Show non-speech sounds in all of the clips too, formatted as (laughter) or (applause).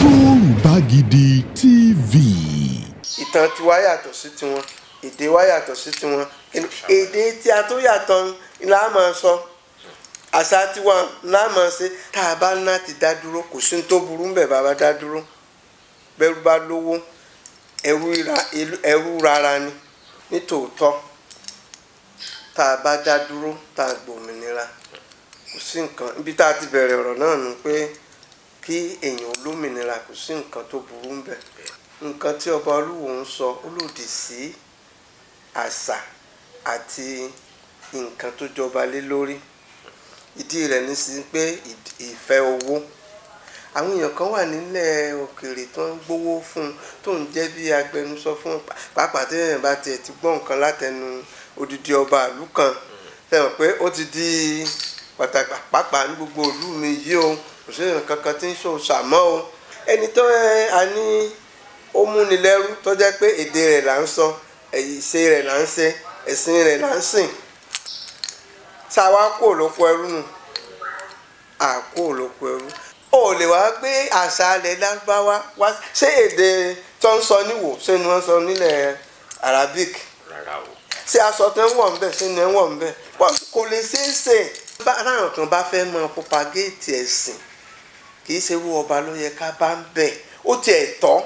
Yorùbá Gidi TV. ìtàn tiwa yàtọ̀ sí tiwọn èdè wa yàtọ̀ sí tiwọn èdè tí a tó yàtọ̀ ńlá máa sọ àṣà tiwa ńlá máa ṣe tá a bá ńlá ti dá dúró kò sí ní tó burú ń bẹ̀ bàbá dá dúró bẹ́rù bá lówó ẹrú rárá ni nítòótọ́ tá a bá dá dúró tá a gbòmìnira kò sí nǹkan ibi tá a ti bẹ̀rẹ̀ ọ̀rọ̀ náà nù pé kí èèyàn olómìnira kò sí nǹkan tó burú ń bẹ̀ nǹkan tí ọba olúwo ń sọ ó lòdì sí àṣà àti nǹkan tó jọba lé lórí ìdí rẹ̀ ní sí pé ìfẹ́ owó àwọn èèyàn kan wà nílẹ̀ òkèèrè tó ń gbowó fún un tó ń jẹ́ bí agbẹnusọ fún pàápàá téèyàn bá tiẹ̀ ti gbọ́ nǹkan látẹnu odidi ọba ìlú fẹ́ràn pé ó ti di pàtàkì pàápàá ní gbogbo ìlú mi yìí o kò sí nǹkan kan tí ń sọ ṣàmọ́ o ẹni tó ẹ a ní ó múni lẹ́rú tó jẹ́ pé èdè rẹ̀ là ń sọ ìṣe rẹ̀ là ń ṣe ẹ̀sìn rẹ̀ là ń sìn tá a wá kó lóko ẹrú nù à kó lóko ẹrú ó lè wá gbé àṣà alẹ̀ lárúbáwá wá ṣé èdè tó ń sọ níwò ṣé ni wọ́n sọ nílẹ̀ Arabic ṣé aṣọ tó ń wọ̀ ń bẹ̀ ṣé ni ẹ ń wọ̀ ń kò lè ṣeé ṣe báwọn kan bá fẹ́ mọ propagate ẹ̀sìn kì í ṣe wú ọba ló yẹ ká bá ń bẹ̀ ó tiẹ̀ tọ́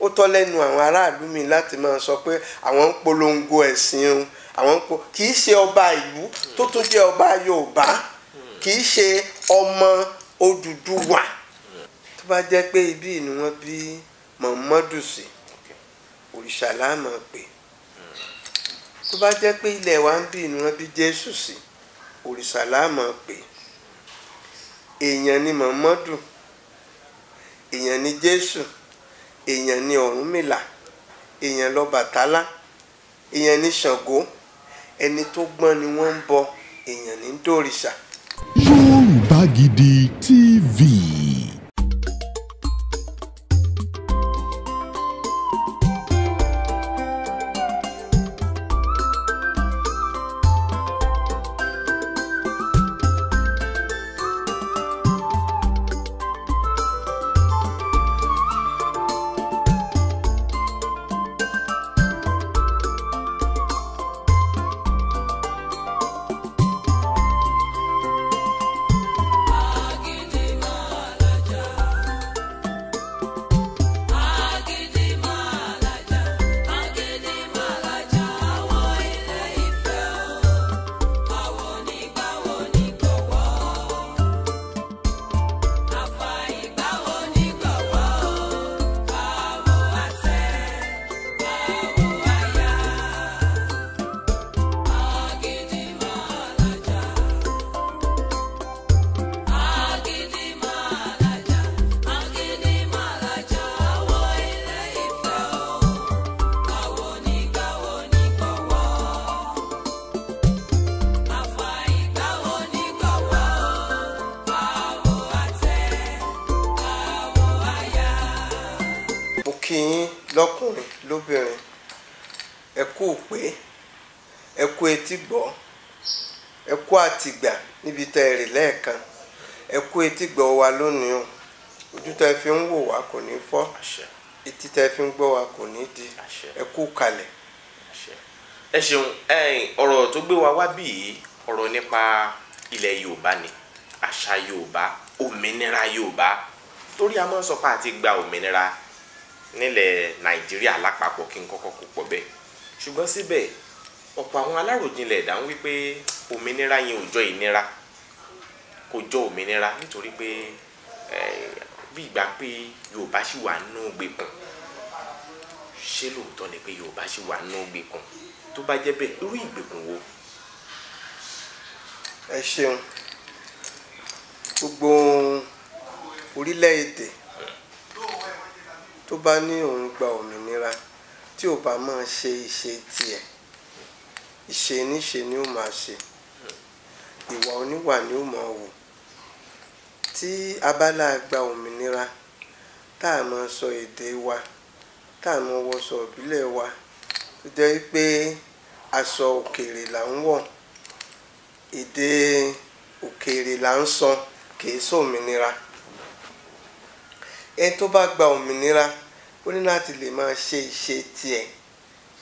ó tọ́ lẹ́nu àwọn aráàlú mi láti máa sọ pé àwọn ń polongo ẹ̀sìn o àwọn ń po kì í ṣe ọba ìlú tó tún jẹ́ ọba Yorùbá kì í ṣe ọmọ Odùduwà tó bá jẹ́ pé ibí ni wọ́n bí Muhammadu sí òrìṣà láàmú pé tó bá jẹ́ pé ilẹ̀ wa ń bí ni wọ́n bí Jésù sí òrìṣà láàmú pé èèyàn ni mọ̀mọ́dù èèyàn ni jésù èèyàn ni ọ̀rúnmìlà èèyàn lọ́bàtálá èèyàn ni ṣàngó ẹni tó gbọ́n ni wọ́n ń bọ èèyàn ní dòrìṣà. Yorùbá Gidi níbi tẹ́ ẹ ẹ kú etí wa lónìí o ojú tẹ́ fi ń wò wá kò ní fọ́ etí tẹ́ fi ń wa kò di ẹ kú kalẹ̀. ẹ ṣeun ọ̀rọ̀ tó wa wá bí yìí ọ̀rọ̀ nípa ilẹ̀ Yorùbá ni àṣà Yorùbá òmìnira Yorùbá torí a a ti gba òmìnira nílẹ̀ Nàìjíríà lápapọ̀ kí n kọ́kọ́ kó pọ̀ bẹ́ẹ̀ ṣùgbọ́n síbẹ̀ ọ̀pọ̀ àwọn aláròjinlẹ̀ ẹ̀dá ń wí pé òmìnira yẹn ò jọ kó jọ òmìnira nítorí pé bí ìgbà pé yorùbá sì wà nínú gbèkùn ṣé lóòótọ́ ni pé yorùbá sì wà nínú gbèkùn tó bá jẹ́ bẹ́ẹ̀ irú ìgbèkùn wo. ẹ ṣeun gbogbo orílẹ̀-èdè tó bá ní òun gba òmìnira tí ò bá máa ṣe ìṣe tiẹ̀ ìṣe níṣe ni ó máa ṣe ìwà oníwà ni ó máa wò tí abala gba òmìnira tá a máa sọ èdè wa tá a máa wọṣọ ìbílẹ̀ wa tó jẹ́ pé aṣọ òkèèrè là ń wọ̀ èdè òkèèrè là ń sọ kìí sòmìnira ẹni tó bá gba òmìnira ó ní láti lè máa ṣe ìṣe tiẹ̀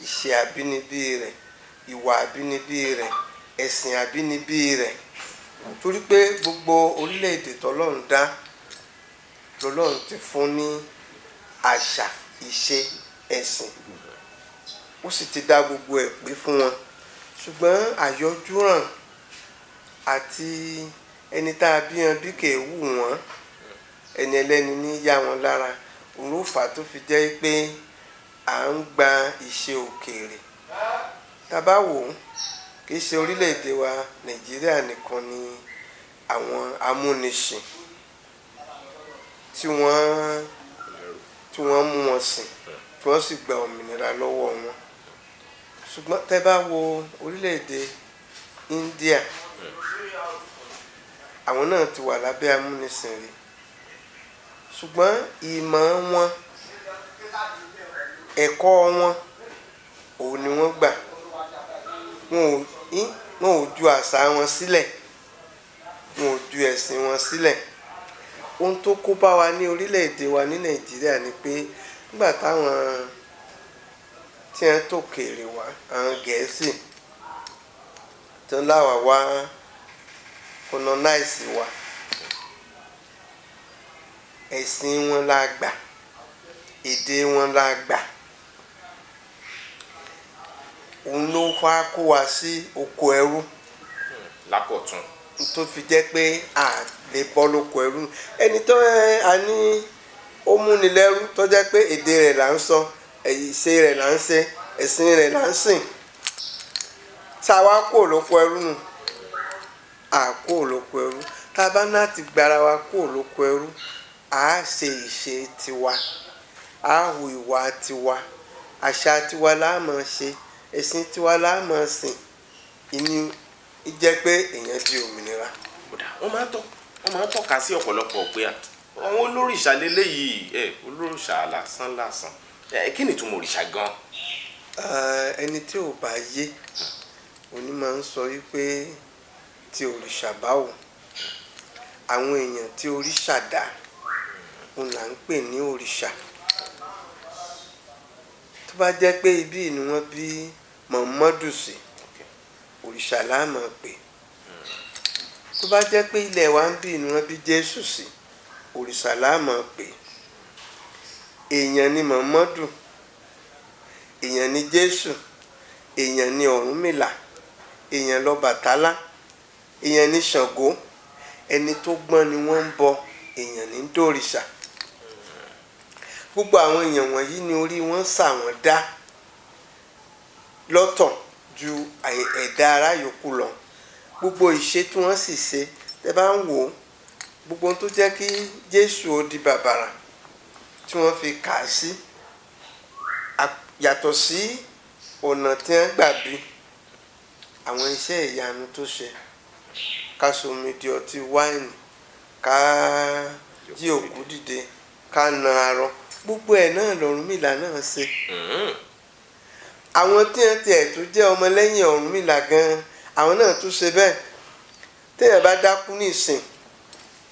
ìṣe àbínibí rẹ̀ ìwà àbínibí rẹ̀ ẹ̀sìn àbínibí rẹ̀ torí pé gbogbo orílẹ̀-èdè tọ́lọ́run dá lọ́lọ́run ti fún ní àṣà ìṣe ẹ̀sìn ó sì ti dá gbogbo ẹ̀ pé fún wọn ṣùgbọ́n àyọjúràn àti ẹni tá a bí wọn bí kì í wù wọ́n ẹni ẹlẹ́ni ní yá wọn lára òun ló fà tó fi jẹ́ pé à ń gba ìṣe òkèèrè tá a bá wò ó kì í ṣe orílẹ̀-èdè wa nàìjíríà nìkan ni àwọn amúnisìn tí wọ́n tí wọ́n mú wọn sìn tí wọ́n sì gba òmìnira lọ́wọ́ wọn ṣùgbọ́n tẹ́ bá wo orílẹ̀-èdè India àwọn náà ti wà lábẹ́ amúnisìn rí ṣùgbọ́n ìmọ̀ wọn ẹ̀kọ́ wọn òun ni wọ́n gbà wọn ò yìí wọn ò ju àṣà wọn sílẹ̀ wọn ò ju ẹ̀sìn wọn sílẹ̀ ohun tó kó bá wa ní orílẹ̀-èdè wa ní nàìjíríà ni pé nígbà táwọn tí wọ́n tó kéré wá àwọn gẹ̀ẹ́sì tó láwa wá colonize wa ẹ̀sìn wọn la gbà èdè wọn la gbà òun ló wá kó wa sí oko ẹrú. lákọ̀tún. tó fi jẹ́ pé a lè bọ́ lóko ẹrú ẹni tó ẹ a ní ó múni lẹ́rú tó jẹ́ pé èdè rẹ̀ là ń sọ ìṣe rẹ̀ là ń ṣe ẹ̀sìn rẹ̀ là ń sìn tá a wá kó lóko ẹrú nù à kó lóko ẹrú tá a bá náà ti gbára wa kó lóko ẹrú à á ṣe ìṣe tiwa à á hu ìwà tiwa àṣà tiwa láàmú ṣe ẹ̀sìn tiwa la máa sìn ìní jẹ́ pé èèyàn di òmìnira. wọ́n máa ń tọ́ wọ́n máa ń tọ́ka sí ọ̀pọ̀lọpọ̀ pé àwọn olórìṣà lélẹ́yìí ẹ olórìṣà lásán lásán ẹ kí ni ìtumọ̀ òrìṣà gan. ẹni tí ò bá yé òní máa ń sọ wípé tí òrìṣà bá wò àwọn èèyàn tí òrìṣà dá òun là ń pè ní òrìṣà bá jẹ́ pé ibi ni wọ́n bí Muhammadu sí òrìṣà la máa pè tó bá jẹ́ pé ilẹ̀ wa ń bí ni wọ́n bí Jésù sí òrìṣà la máa pè èèyàn ni Muhammadu èèyàn ni Jésù èèyàn ni Ọ̀rúnmìlà èèyàn l'Ọbàtálá èèyàn ni Ṣàngó ẹni tó gbọ́n ni wọ́n ń bọ èèyàn ní dòrìṣà gbogbo àwọn èèyàn wọ̀nyí ni orí wọn sà wọ́n dá lọ́tọ̀ ju ẹ̀dá ara yòókù lọ gbogbo ìṣe tí wọ́n sì ṣe tẹ́ bá ń wò ó gbogbo tó jẹ́ kí Jésù ó di bàbàrà tí wọ́n fi kà á sí yàtọ̀ sí ọ̀nà tí wọ́n gbà bí àwọn iṣẹ́ ìyanu tó ṣe ká somi di ọtí wáìnì ká jí òkú dìde ká na arọ gbogbo ẹ̀ náà lọ́rùnmìlà náà ṣe hmm. àwọn tí wọ́n tiẹ̀ tó jẹ́ ọmọlẹ́yìn ọ̀rùnmìlà gan-an àwọn náà tún ṣe bẹ́ẹ̀ téèyàn bá dákú ní ìsìn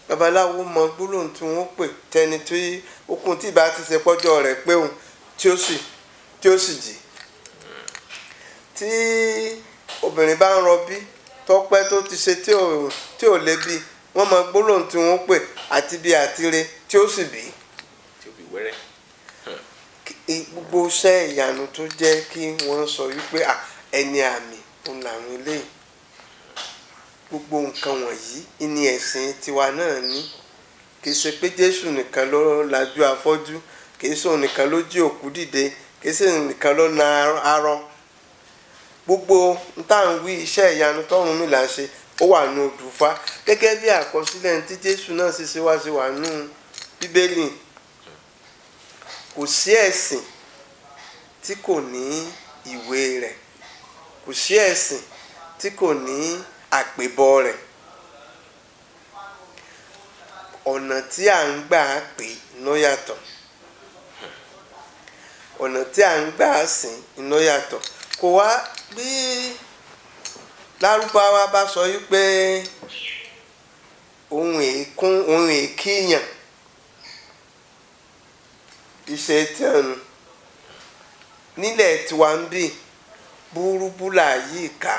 babaláwo mọ gbólóhùn tí wọ́n pè tẹni tí okùn tí ìbá ti ṣe pọ́jọ́ rẹ̀ pé òun tí ó sì tí ó sì jì tí obìnrin bá ń rọbí tọpẹ́ tó ti ṣe tí ò lè bí wọ́n mọ gbólóhùn tí wọ́n pè àti bí àtire tí ó sì bí. tí ó bí wẹ́rẹ́ gbogbo iṣẹ́ ìyanu tó jẹ́ kí wọ́n sọ wípé ẹni àmì òun làwọn eléyìí gbogbo nǹkan wọ̀nyí ni ẹ̀sìn tiwa náà ní kì í ṣe pé jésù nìkan ló lajú afọ́jú kì í ṣe òun nìkan ló jí òkú dìde kì í ṣe òun nìkan ló na arọ gbogbo táwọn wí iṣẹ́ ìyanu tọ́run mi là ń ṣe ó wà nù òdùfá gẹ́gẹ́ bí àkọsílẹ̀ tí jésù náà ṣe ṣe wá ṣe wà nù bíbélì kò sí ẹ̀sìn tí kò ní ìwé rẹ̀ kò sí ẹ̀sìn tí kò ní àpébọ rẹ̀ ọ̀nà tí à ń gbà pè ló yàtọ̀ ọ̀nà tí à ń gbà sìn ló yàtọ̀ kò wá bí lárúbáwá bá sọ yí pé òun èkún ohun èkíyàn ìṣètàn nílẹ̀ tiwa ń bì wa yìí ká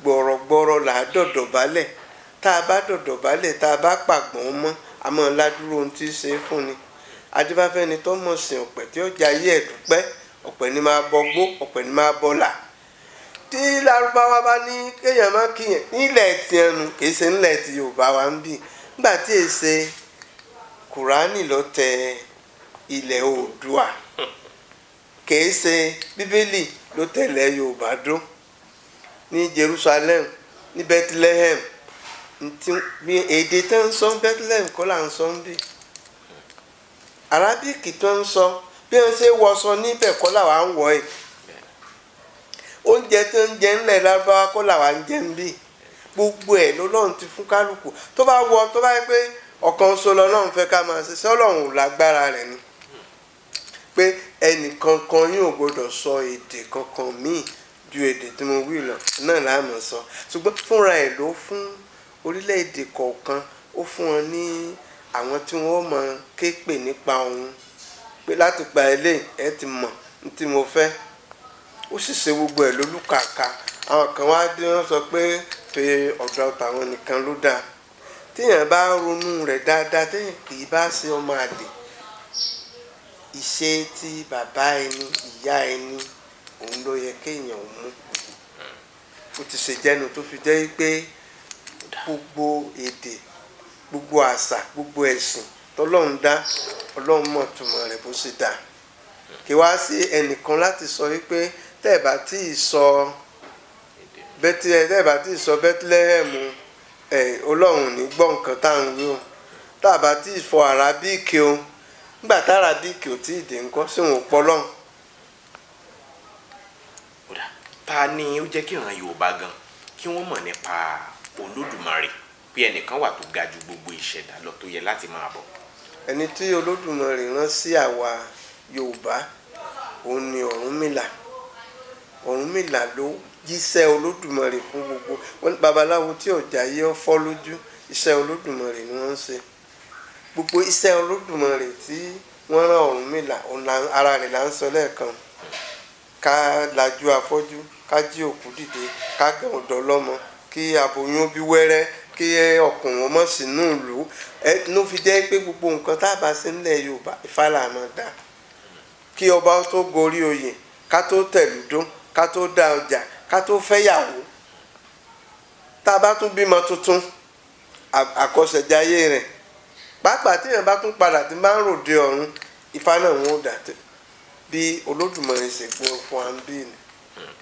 gbọ̀rọ̀gbọ̀rọ̀ là á dọ̀dọ̀ balẹ̀ tá a bá dọ̀dọ̀ balẹ̀ tá a bá pàgbọ́n mọ́ àmọ́ ládùúró ohun tí í ṣe fún ni adébáfẹ́ni tó mọ̀ sìn ọ̀pẹ̀ tí ó jẹ́ ayé ẹ̀ dúpẹ́ ọ̀pẹ̀ ni máa bọ gbó ọ̀pẹ̀ ni máa là tí wa ń bì nígbà tí ilẹ̀ oòdùà (laughs) kìí ṣe bíbélì ló tẹ̀lé yorùbá ní jerusalem ní bethlehem ní èdè tó ń sọ bethlehem kọ́ là ń sọ ń bì arábíkì tó ń sọ bí wọ́n ṣe wọṣọ níbẹ̀ kọ́ làwa ń wọ̀ ẹ́ jẹ ńlẹ̀ lábáwá kọ́ ń gbogbo ẹ̀ nọ ti fún kálukú tó bá wọ tó bá yẹ pé ọ̀kan fẹ́ ká máa ṣe ẹnì kankan yóò gbọdọ̀ sọ èdè kankan míì ju èdè tí mo wí lọ náà láàmú sọ ṣùgbọ́n fúnra ẹ̀ ló fún orílẹ̀-èdè kọ̀ọ̀kan ó fún wọn ní àwọn tí wọ́n mọ kéèpè nípa òun pé láti gba eléyìí ẹ ti mọ̀ ní tí mo fẹ́ ó sì ṣe gbogbo ẹ̀ lólùkàkà àwọn kan wá dé wọ́n sọ pé pé ọ̀dọ̀ tàwọn nìkan ló dáa téèyàn bá ronú rẹ̀ dáadáa téèyàn kì í bá ṣe ọmọ àdè ìṣe tí bàbá ẹni ìyá ẹni òun ló yẹ kéèyàn mú ó ti ṣe jẹ́nu tó fi jẹ́ pé gbogbo èdè gbogbo àṣà gbogbo ẹ̀sìn tọ́lọ́run dá ọlọ́run mọ̀ túmọ̀ rẹ̀ bó ṣe dá kí wá sí ẹnìkan láti sọ wípé tẹ́ ẹ̀ bá tí ì sọ bẹ́tílẹ̀ tí ì sọ bẹ́tílẹ́hẹ̀m ọlọ́run ní gbọ́ tá à ń wí o tá tí ì fọ àràbíìkì o nígbà tára díìkì ò tí ì dé ńkọ́ sí òun pọ́ lọ́hùn. ta ni ó jẹ́ kí ìran Yorùbá gan kí wọ́n mọ̀ nípa Olódùmarè pé ẹnìkan wà tó ga ju gbogbo ìṣẹ̀dá lọ tó yẹ láti máa bọ̀. ẹni tí Olódùmarè rán sí àwa Yorùbá òun ni Ọ̀rúnmìlà Ọ̀rúnmìlà ló jíṣẹ́ Olódùmarè fún gbogbo babaláwo tí ọ̀jà yẹ ọ́ fọ́ lójú iṣẹ́ Olódùmarè ni wọ́n ń ṣe gbogbo iṣẹ́ Olódùmarè tí wọ́n rán là ara rẹ̀ là ń sọ lẹ́ẹ̀kan ká lajú afọ́jú ká jí òkú dìde ká gẹ̀hùn dọ́lọ́mọ kí aboyún ó bí wẹ́rẹ́ kí ọkùnrin ọmọ sínú ìlú ẹ ló fi jẹ́ pé gbogbo nǹkan tá a bá sí nílẹ̀ Yorùbá ìfàlà àmọ́ dá kí ọba tó gorí oyè ká tó tẹ̀lú dún ká tó dá ọjà ká tó fẹ́yàwó tá a bá tún bímọ tuntun àkọsẹ̀jáyé rẹ̀ pàápàá téèyàn bá tún padà tí máa ń ròde ọ̀run ifá náà wọn ò dà tẹ bí olódùmarè ṣe pé fún wa ń bí ni.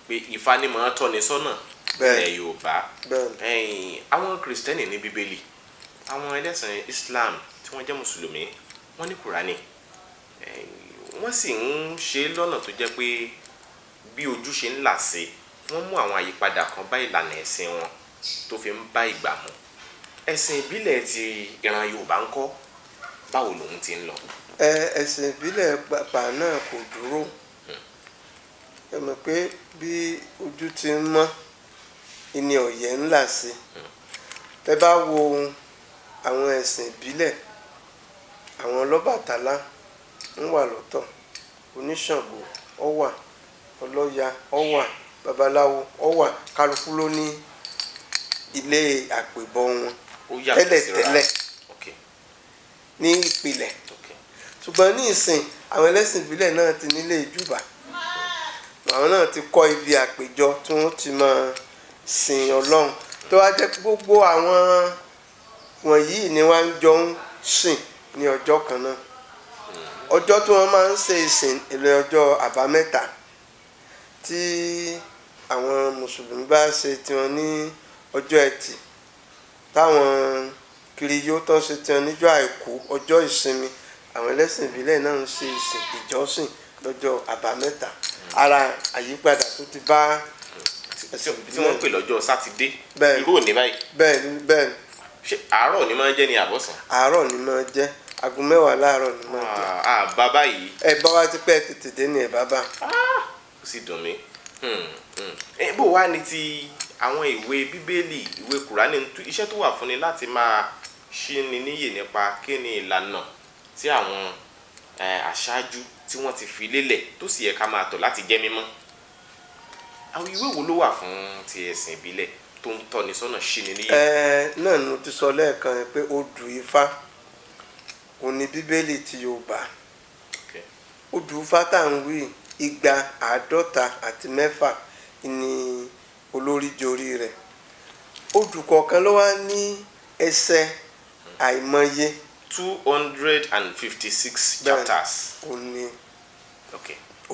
pé ifá ni màá tọ́ni sọ́nà ilẹ̀ yorùbá àwọn kìrìsìtẹ́nì ní bíbélì àwọn ẹlẹ́sìn islam tí wọ́n jẹ́ mùsùlùmí wọ́n ní kùránì wọ́n sì ń ṣe lọ́nà tó jẹ́ pé bí ojú ṣe ń là sí wọ́n mú àwọn àyípadà kan bá ìlànà ẹ̀sìn wọn tó fi ń bá ìgbà mu ẹ̀sìn ìbílẹ̀ ti ìran Yorùbá ń kọ́ báwo lòun ti ń lọ. ẹ̀sìn ìbílẹ̀ bàbá náà kò dúró ẹ mọ̀ pé bí ojú ti ń mọ́ ìní ọ̀yẹ́ ńlá sí ẹ bá wo àwọn ẹ̀sìn ìbílẹ̀ àwọn ọlọ́bàtálá ń wà lọ́tọ̀ oníṣàngó ó wà ọlọ́ya babaláwo ó kálukú ló ní ilé àpèbọ wọn tẹ́lẹ̀ tẹ́lẹ̀ ní ìpìlẹ̀ ṣùgbọ́n ní ìsìn àwọn ẹlẹ́sìn ìbílẹ̀ náà ti nílé ìjúbà àwọn náà ti kọ́ ibi àpèjọ tí wọ́n ti máa sìn ọlọ́run tó wá jẹ́ gbogbo àwọn wọ̀nyí ni wọ́n jọ ń sìn ní ọjọ́ kan náà ọjọ́ tí wọ́n máa ń ṣe ìsìn ilé ọjọ́ àbámẹ́ta tí àwọn mùsùlùmí bá ṣe tiwọn ní ọjọ́ ẹtì táwọn kiriyó tán ṣe tiwọn níjọ́ àìkú ọjọ́ ìsinmi àwọn ẹlẹ́sìn ìbílẹ̀ náà ń ṣe ìsìn ìjọsìn lọ́jọ́ àbámẹ́ta ara àyípadà tó ti bá tí wọ́n pè lọ́jọ́ sátidé irú òní báyìí. bẹ́ẹ̀ni bẹ́ẹ̀ni. ṣe àárọ̀ ni máa ń jẹ́ ni àbọ̀sán. àárọ̀ ni máa ń jẹ́ aago mẹ́wàá láàárọ̀ ni máa ń jẹ́. àà ah, ah, bàbá yìí. ẹ bá wa ti pẹ́ tètè dé ni ẹ bàbá. Ah, ó sì dùn mí. Hmm, hmm. bó wàá ní ti àwọn ìwé bíbélì ìwé kùránì iṣẹ́ tó wà fún ni láti máa ṣí ni níyè nípa kí ni ìlànà tí àwọn aṣáájú tí wọ́n ti fi lélẹ̀ tó sì yẹ ká máa tọ̀ láti jẹ́ mímọ́ àwọn ìwé wo ló wà fún ti ẹ̀sìn ìbílẹ̀ tó ń tọ́ni sọ́nà ṣí ni níyè. ẹ náà ni mo ti sọ lẹ́ẹ̀kan pé odù ifá òun ni bíbélì ti Yorùbá odù ifá tá à ń wí igba àádọ́ta àti mẹ́fà ni. Okay olórí jorí rẹ̀ olùkọ́ kan ló wá ní ẹsẹ̀ àìmọye. two hundred and fifty six chapters. ó ní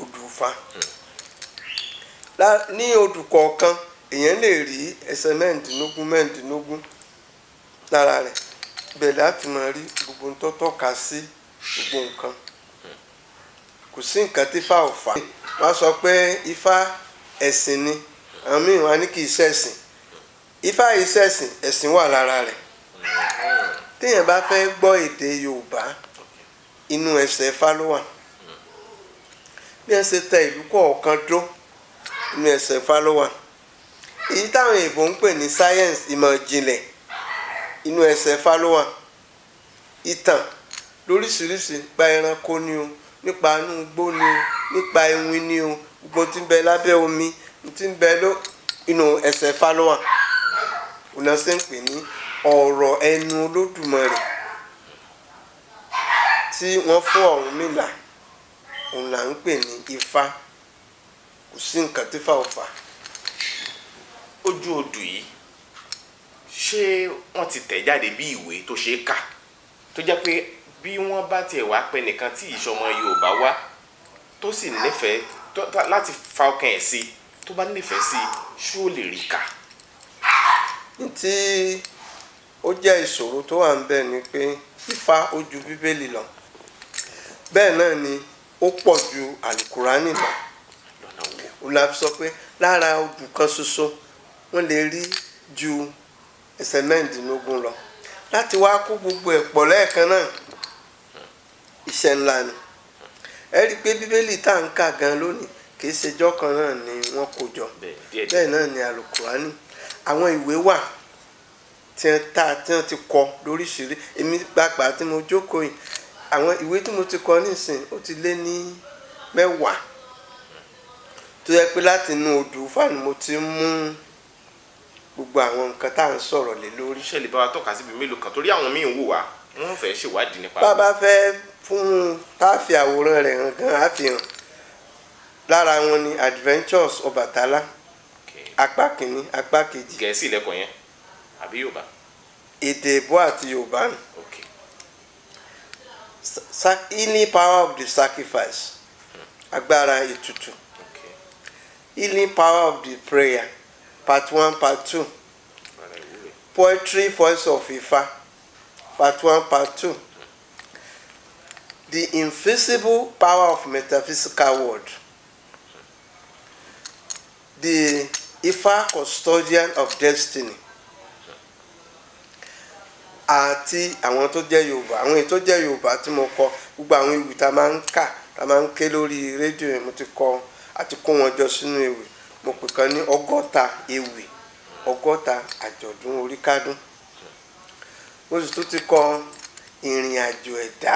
odùfà hmm. ní olùkọ́ kan èèyàn lè rí ẹsẹ̀ mẹ́rìndínlógún mẹ́rìndínlógún lára rẹ̀ bẹ́ẹ̀ láti máa rí gbogbo ń tọ́ tọ́ka sí gbogbo nǹkan hmm. kò sí nǹkan tí ifá ò fà wọ́n sọ pé ifá ẹ̀sìn ni àwọn míì wọn á ní kì í ṣẹ̀sìn ifá yìí ṣẹ̀sìn ẹ̀sìn wà lára rẹ̀ téèyàn bá fẹ́ gbọ́ èdè yorùbá inú ẹsẹ̀ ifá ló wà bí ẹ ṣe tẹ ìlú kọ̀ọ̀kan dó inú ẹsẹ̀ ifá ló wà èyí táwọn èèbò ń pè ní science ìmọ̀ ìjìnlẹ̀ inú ẹsẹ̀ ifá ló wà ìtàn lóríṣiríṣi nípa ẹranko ni o nípa inú igbó ni o nípa ewin ni o gbogbo tí ń bẹ lábẹ́ omi ti ń bẹ ló inú ẹsẹ̀ fálọ́wà ọ̀nà sì ń pè ní ọ̀rọ̀ ẹnu olódùmarè tí wọ́n fún Ọ̀rúnmìlà òun là ń pè ní ifá kò sí nǹkan tí fà ó fà. ojú odù yìí ṣé wọ́n ti tẹ̀ jáde bí ìwé tó ṣe é kà tó jẹ́ pé bí wọ́n bá tiẹ̀ wá pẹ́ nìkan tí ìṣọmọ Yorùbá wá tó sì nífẹ̀ẹ́ láti fa ọkàn ẹ̀ sí i tó bá nífẹ̀ẹ́ sí ṣó lè rí kà. ntí ó jẹ́ ìṣòro tó wà ń bẹ̀ ni pé fífa ojú bíbélì lọ bẹ́ẹ̀ náà ni ó pọ̀ ju àlùkùránì lọ ọlá sọ pé lára odù kan ṣoṣo wọ́n lè rí ju ẹsẹ̀ mẹ́rìndínlógún lọ láti wá kó gbogbo ẹ̀ pọ̀ lẹ́ẹ̀kan náà iṣẹ́ ńlá ni ẹ rí i pé bíbélì tá à ń kà gan lónìí kì í ṣejọ́ kan náà ni wọ́n kó jọ bẹ́ẹ̀ náà ni alukurani àwọn ìwé wà tí wọ́n ta tí wọ́n ti kọ lóríṣiríṣi èmi gbàgbà tí mo jókòó yìí àwọn ìwé tí mo ti kọ nísìn ó ti lé ní mẹ́wàá tó yẹ pé láti inú odò fáànù mo ti mú gbogbo àwọn nǹkan tá à ń sọ̀rọ̀ lé lórí. ṣé bá wa tọ́ka síbi mélòó kan torí àwọn míì wò wá wọ́n fẹ́ ṣèwádìí nípa. bá a bá fẹ́ fún un tá a fi àwòrán rẹ̀ hàn gan-an á fi hàn lára wọn ni adventures Ọbàtálá apá kìíní apá kejì. gẹ̀ẹ́sì lẹ́kọ̀ọ́ yẹn àbí yorùbá. èdè èbó àti yorùbá nù. healing power of the sacrifice hmm. agbára ètùtù healing power of the prayer part one part two poetry voice of Ifa part one part two hmm. the invisible power of metaphysical world the Ifa custodian of destiny àti àwọn tó jẹ́ Yorùbá àwọn èyí tó jẹ́ Yorùbá tí mo kọ gbogbo àwọn ewì tá a máa ń kà tá a máa ń ké lórí rédíò mo ti kọ àti kó wọn jọ sínú ewì mo pè kan ní ọgọ́ta ewì ọgọ́ta àjọ̀dún oríkádún mo sì tún ti kọ ìrìn àjò ẹ̀dá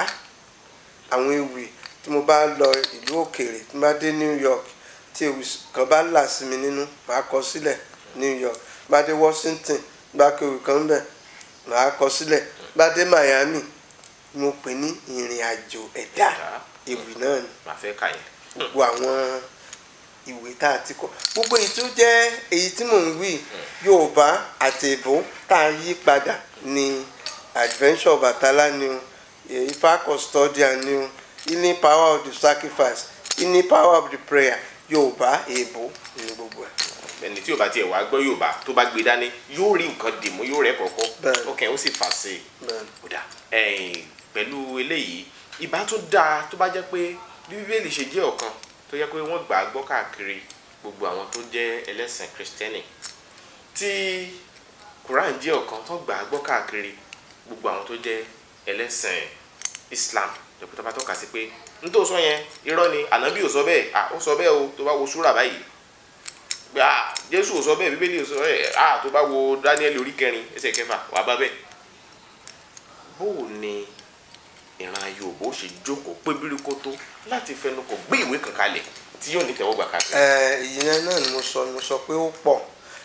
àwọn ewì tí mo bá lọ ìlú òkèèrè tí mo bá dé New York tí ewu kan bá là sí mi nínú màá kọ sílẹ̀ New York bá dé Washington bá kọ ewu kan bẹ̀ màá kọ sílẹ̀ bá dé Miami mo pè ní ìrìn àjò ẹ̀dá ìwé náà ni gbogbo àwọn ìwé tá a ti kọ gbogbo èyí tó jẹ́ èyí tí mò ń wí Yorùbá àti èbó tá a yí padà ni adventure Ọbàtálá ni o Ifá custodian ni o healing power of the sacrifice healing power of the prayer yorùbá èèbó èèbó gbogbo ẹ̀. ẹni tí yorùbá tiẹ̀ wá gbọ́ yorùbá tó bá gbé dání yóò rí nǹkan dì mú yóò rẹ̀ kọ̀ọ̀kọ́ ọkàn ó sì fà sí i kódà pẹ̀lú eléyìí ìbá tún dáa tó bá jẹ́ pé bí bíbélì ṣe jẹ́ ọ̀kan tó jẹ́ pé wọ́n gbà á gbọ́ káàkiri gbogbo àwọn tó jẹ́ ẹlẹ́sìn kristẹni tí quran jẹ́ ọ̀kan tó gbà á gbọ́ káàkiri gbogbo àwọn tó jẹ́ ẹlẹ́sìn islam dókítà bá tọ́ka sí pé n tó sọ yẹn irọ́ ni ànábì ò sọ bẹ́ẹ̀ à ó sọ bẹ́ẹ̀ o tó bá wo súrà báyìí pé à jésù ò sọ bẹ́ẹ̀ bíbélì ò sọ bẹ́ẹ̀ à tó bá wo dáníẹ́lì orí kẹrin ẹsẹ̀ kẹfà wà bá bẹ́ẹ̀. bóò ni ìran yorùbá ó ṣe jókòó pé bíríkótó láti fẹnukò gbé ìwé kan kalẹ̀ tí yóò ní tẹ̀wọ́gbà kalẹ̀. ẹ ìyẹn náà ni mo sọ mo sọ pé ó pọ̀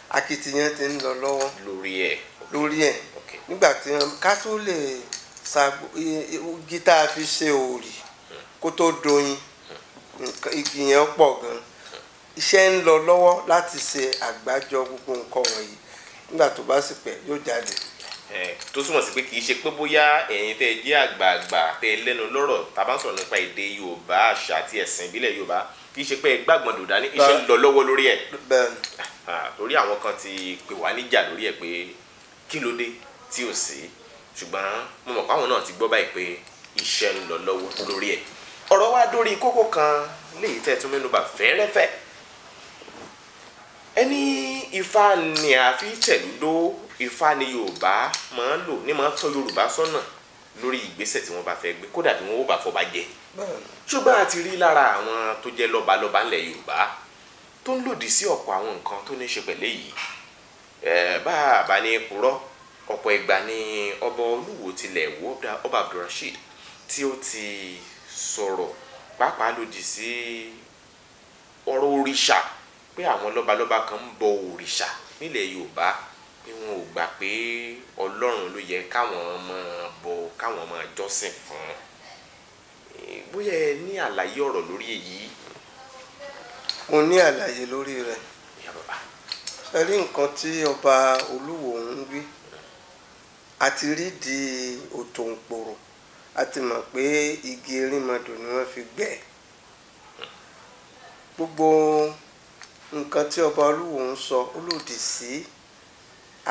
akitiyan ti ń lọ lọ́wọ́ lórí ẹ̀ nígbà tí ká tó lè igi tá a fi ṣe òòrì kó tó doyin igi yẹn pọ̀ gan iṣẹ́ ń lọ lọ́wọ́ láti ṣe àgbájọ gbogbo nǹkan wọ̀nyí nígbà tó bá sì pẹ́ yóò jáde. tó túmọ̀ sí pé kì í ṣe pé bóyá ẹ̀yin tẹ́ ẹ jẹ́ àgbààgbà tẹ́ ẹ lẹ́nu lọ́rọ̀ tá a bá ń sọ̀rọ̀ nípa èdè yorùbá àṣà àti ẹ̀sìn ìbílẹ̀ yorùbá kì í ṣe pé gbàgbọ́n dòdà ní iṣẹ́ ń lọ lọ́wọ́ lórí ẹ̀. torí àwọn kan ti pè wá níjà lórí ẹ̀ pé kí ló dé tí ò sí ṣùgbọ́n mo mọ̀ páwọn náà ti gbọ́ báyìí pé iṣẹ́ ń lọ lọ́wọ́ lórí ẹ̀ ọ̀rọ̀ wa dórí kókó kan léyìí tẹ́ tún mẹ́nuba fẹ́rẹ́fẹ́ ẹni ifá ni àfi tẹ̀lúdó ifá ni yorùbá máa ń lò ní máa ń tọ́ yorùbá sọ́nà lórí ìgbésẹ̀ tí wọ́n bá fẹ́ gbé kódà bí wọ́n ó bá fọba jẹ ṣùgbọ́n a ti rí lára àwọn tó jẹ́ lọ́balọ́ba ńlẹ̀ yorùbá tó ń lòdì sí ọ̀pọ̀ àwọn nǹkan tó ní ṣe pẹ̀lẹ́ yìí bá a bá ní purọ́ ọ̀pọ̀ ìgbà ni ọba olúwo tilẹ̀ wọ ọba abdulrasheed tí ó ti sọ̀rọ̀ pàápàá lòdì sí ọ̀rọ̀ òrìṣà pé àwọn lọ́balọ́ba kan ń bọ òrìṣà nílẹ̀ yorùbá pé wọn ò gbà pé ọlọ́run ló yẹ káwọn máa bọ káwọn máa jọ́sìn fún bóyá ẹ ní àlàyé ọ̀rọ̀ lórí èyí. mo ní àlàyé lórí rẹ̀ ẹ rí nǹkan tí ọba olúwo ń wí a ti rí di òtòǹpòrò a ti mọ̀ pé igi erímọdò ni wọ́n fi gbẹ́ gbogbo nǹkan tí ọba olúwo ń sọ ó lòdì sí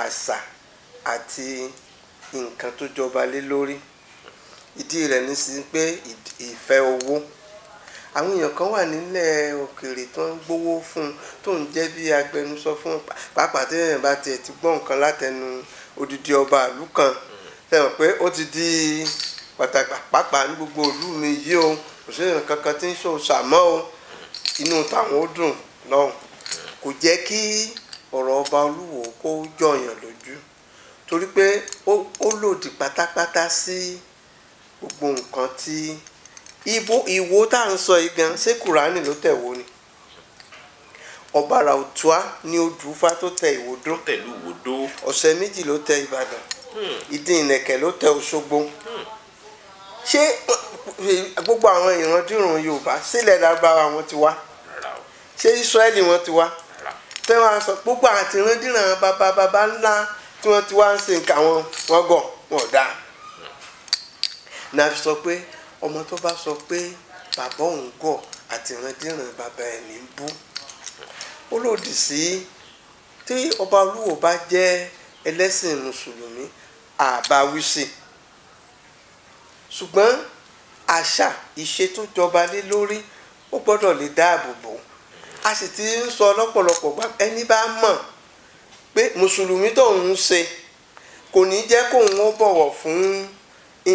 àṣà àti nǹkan tó jọba lé lórí ìdí rẹ̀ ní sí pé ìfẹ́ owó àwọn èèyàn kan wà nílẹ̀ òkèèrè tó ń gbowó fún un tó ń jẹ́ bí agbẹnusọ fún pàápàá téèyàn bá tiẹ̀ ti gbọ́ nǹkan látẹnu odidi ọba ìlú kan sẹ́wọ̀n pé ó ti di pàtàkì pàápàá ní gbogbo ìlú mi yìí o kò sí ìrìn kankan tí ń ṣòwò sàmọ́ o inú tàwọn ó dùn lọ́hùn kò jẹ́ kí ọ̀rọ̀ ọba olúwo kó jọyàn lójú torí pé ó lòdì pátápátá sí gbogbo nǹkan tí ìwo tá à ń sọ yìí gan ṣé kùránì ló tẹ̀wọ́ ni ọ̀bàrà òtúá ní odùfà tó tẹ ìwòdó tẹ̀lú ìwòdó ọ̀sẹ̀ méjì ló tẹ ìbàdàn hmm. ìdín ìnẹ̀kẹ̀ ló tẹ òṣogbo hmm. ṣé gbogbo àwọn ìrandíran yorùbá sílẹ̀ lágbára wọn ti wá ṣé israẹli wọn ti wá tẹ́wọ́n a sọ gbogbo àti ìrandíran bàbá bàbá ńlá tí wọ́n ti wá ń sìn ká wọn wọ́n gọ̀ wọ́n dáa náà fi sọ pé ọmọ tó bá sọ pé bàbá òun gọ̀ àti ìrandíran bàbá ẹ̀ ní bú ó lòdì sí tí ọba olúwo bá jẹ́ ẹlẹ́sìn mùsùlùmí àbáwísì ṣùgbọ́n àṣà ìṣe lé lórí ó gbọ́dọ̀ lè dáàbò bò a sì ti ń sọ lọ́pọ̀lọpọ̀ gbà ẹni bá mọ̀ pé mùsùlùmí tóun ń ṣe kò ní jẹ́ kóun ó bọ̀wọ̀ fún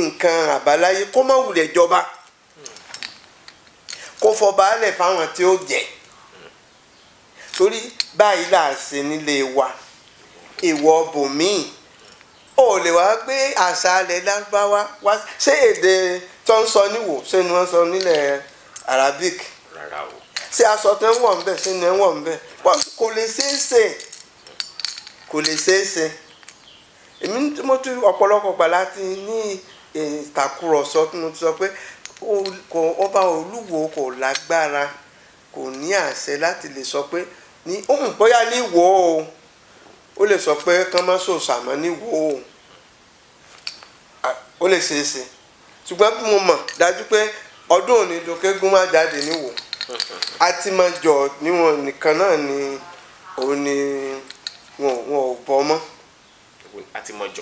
nǹkan àbáláyé kó má wulẹ̀ jọba kó fọba alẹ̀ fáwọn tí ó jẹ́ sórí báyìí là ń ṣe nílé wa ìwọ bòmíì ò lè wá gbé àṣà alẹ̀ lárúbáwá wá ṣé èdè tó ń sọ níwò ṣé ni wọ́n sọ nílẹ̀ arabic ṣé aṣọ tó ń wọ̀ ń bẹ̀ ṣé ni ń wọ̀ ń bẹ̀ kò lè ṣeé ṣe kò lè ṣeé ṣe èmi mo tún ọ̀pọ̀lọpọ̀ gbà láti ní ìtàkùrọ̀sọ tí mo ti sọ pé ọba olúwo kò lágbára kò ní àṣẹ láti lè sọ pé ni òun bóyá ní wò ó ó lè sọ pé kán má sò sàmọ́ ní wò ó ó lè ṣeé ṣe ṣùgbọ́n bí mo mọ̀ dájú pé ọdún òní dòkégún má jáde ní wò àti máa jọ níwọ̀n nìkan náà ni òun ni wọn ò bọ́ mọ́. àti máa jọ.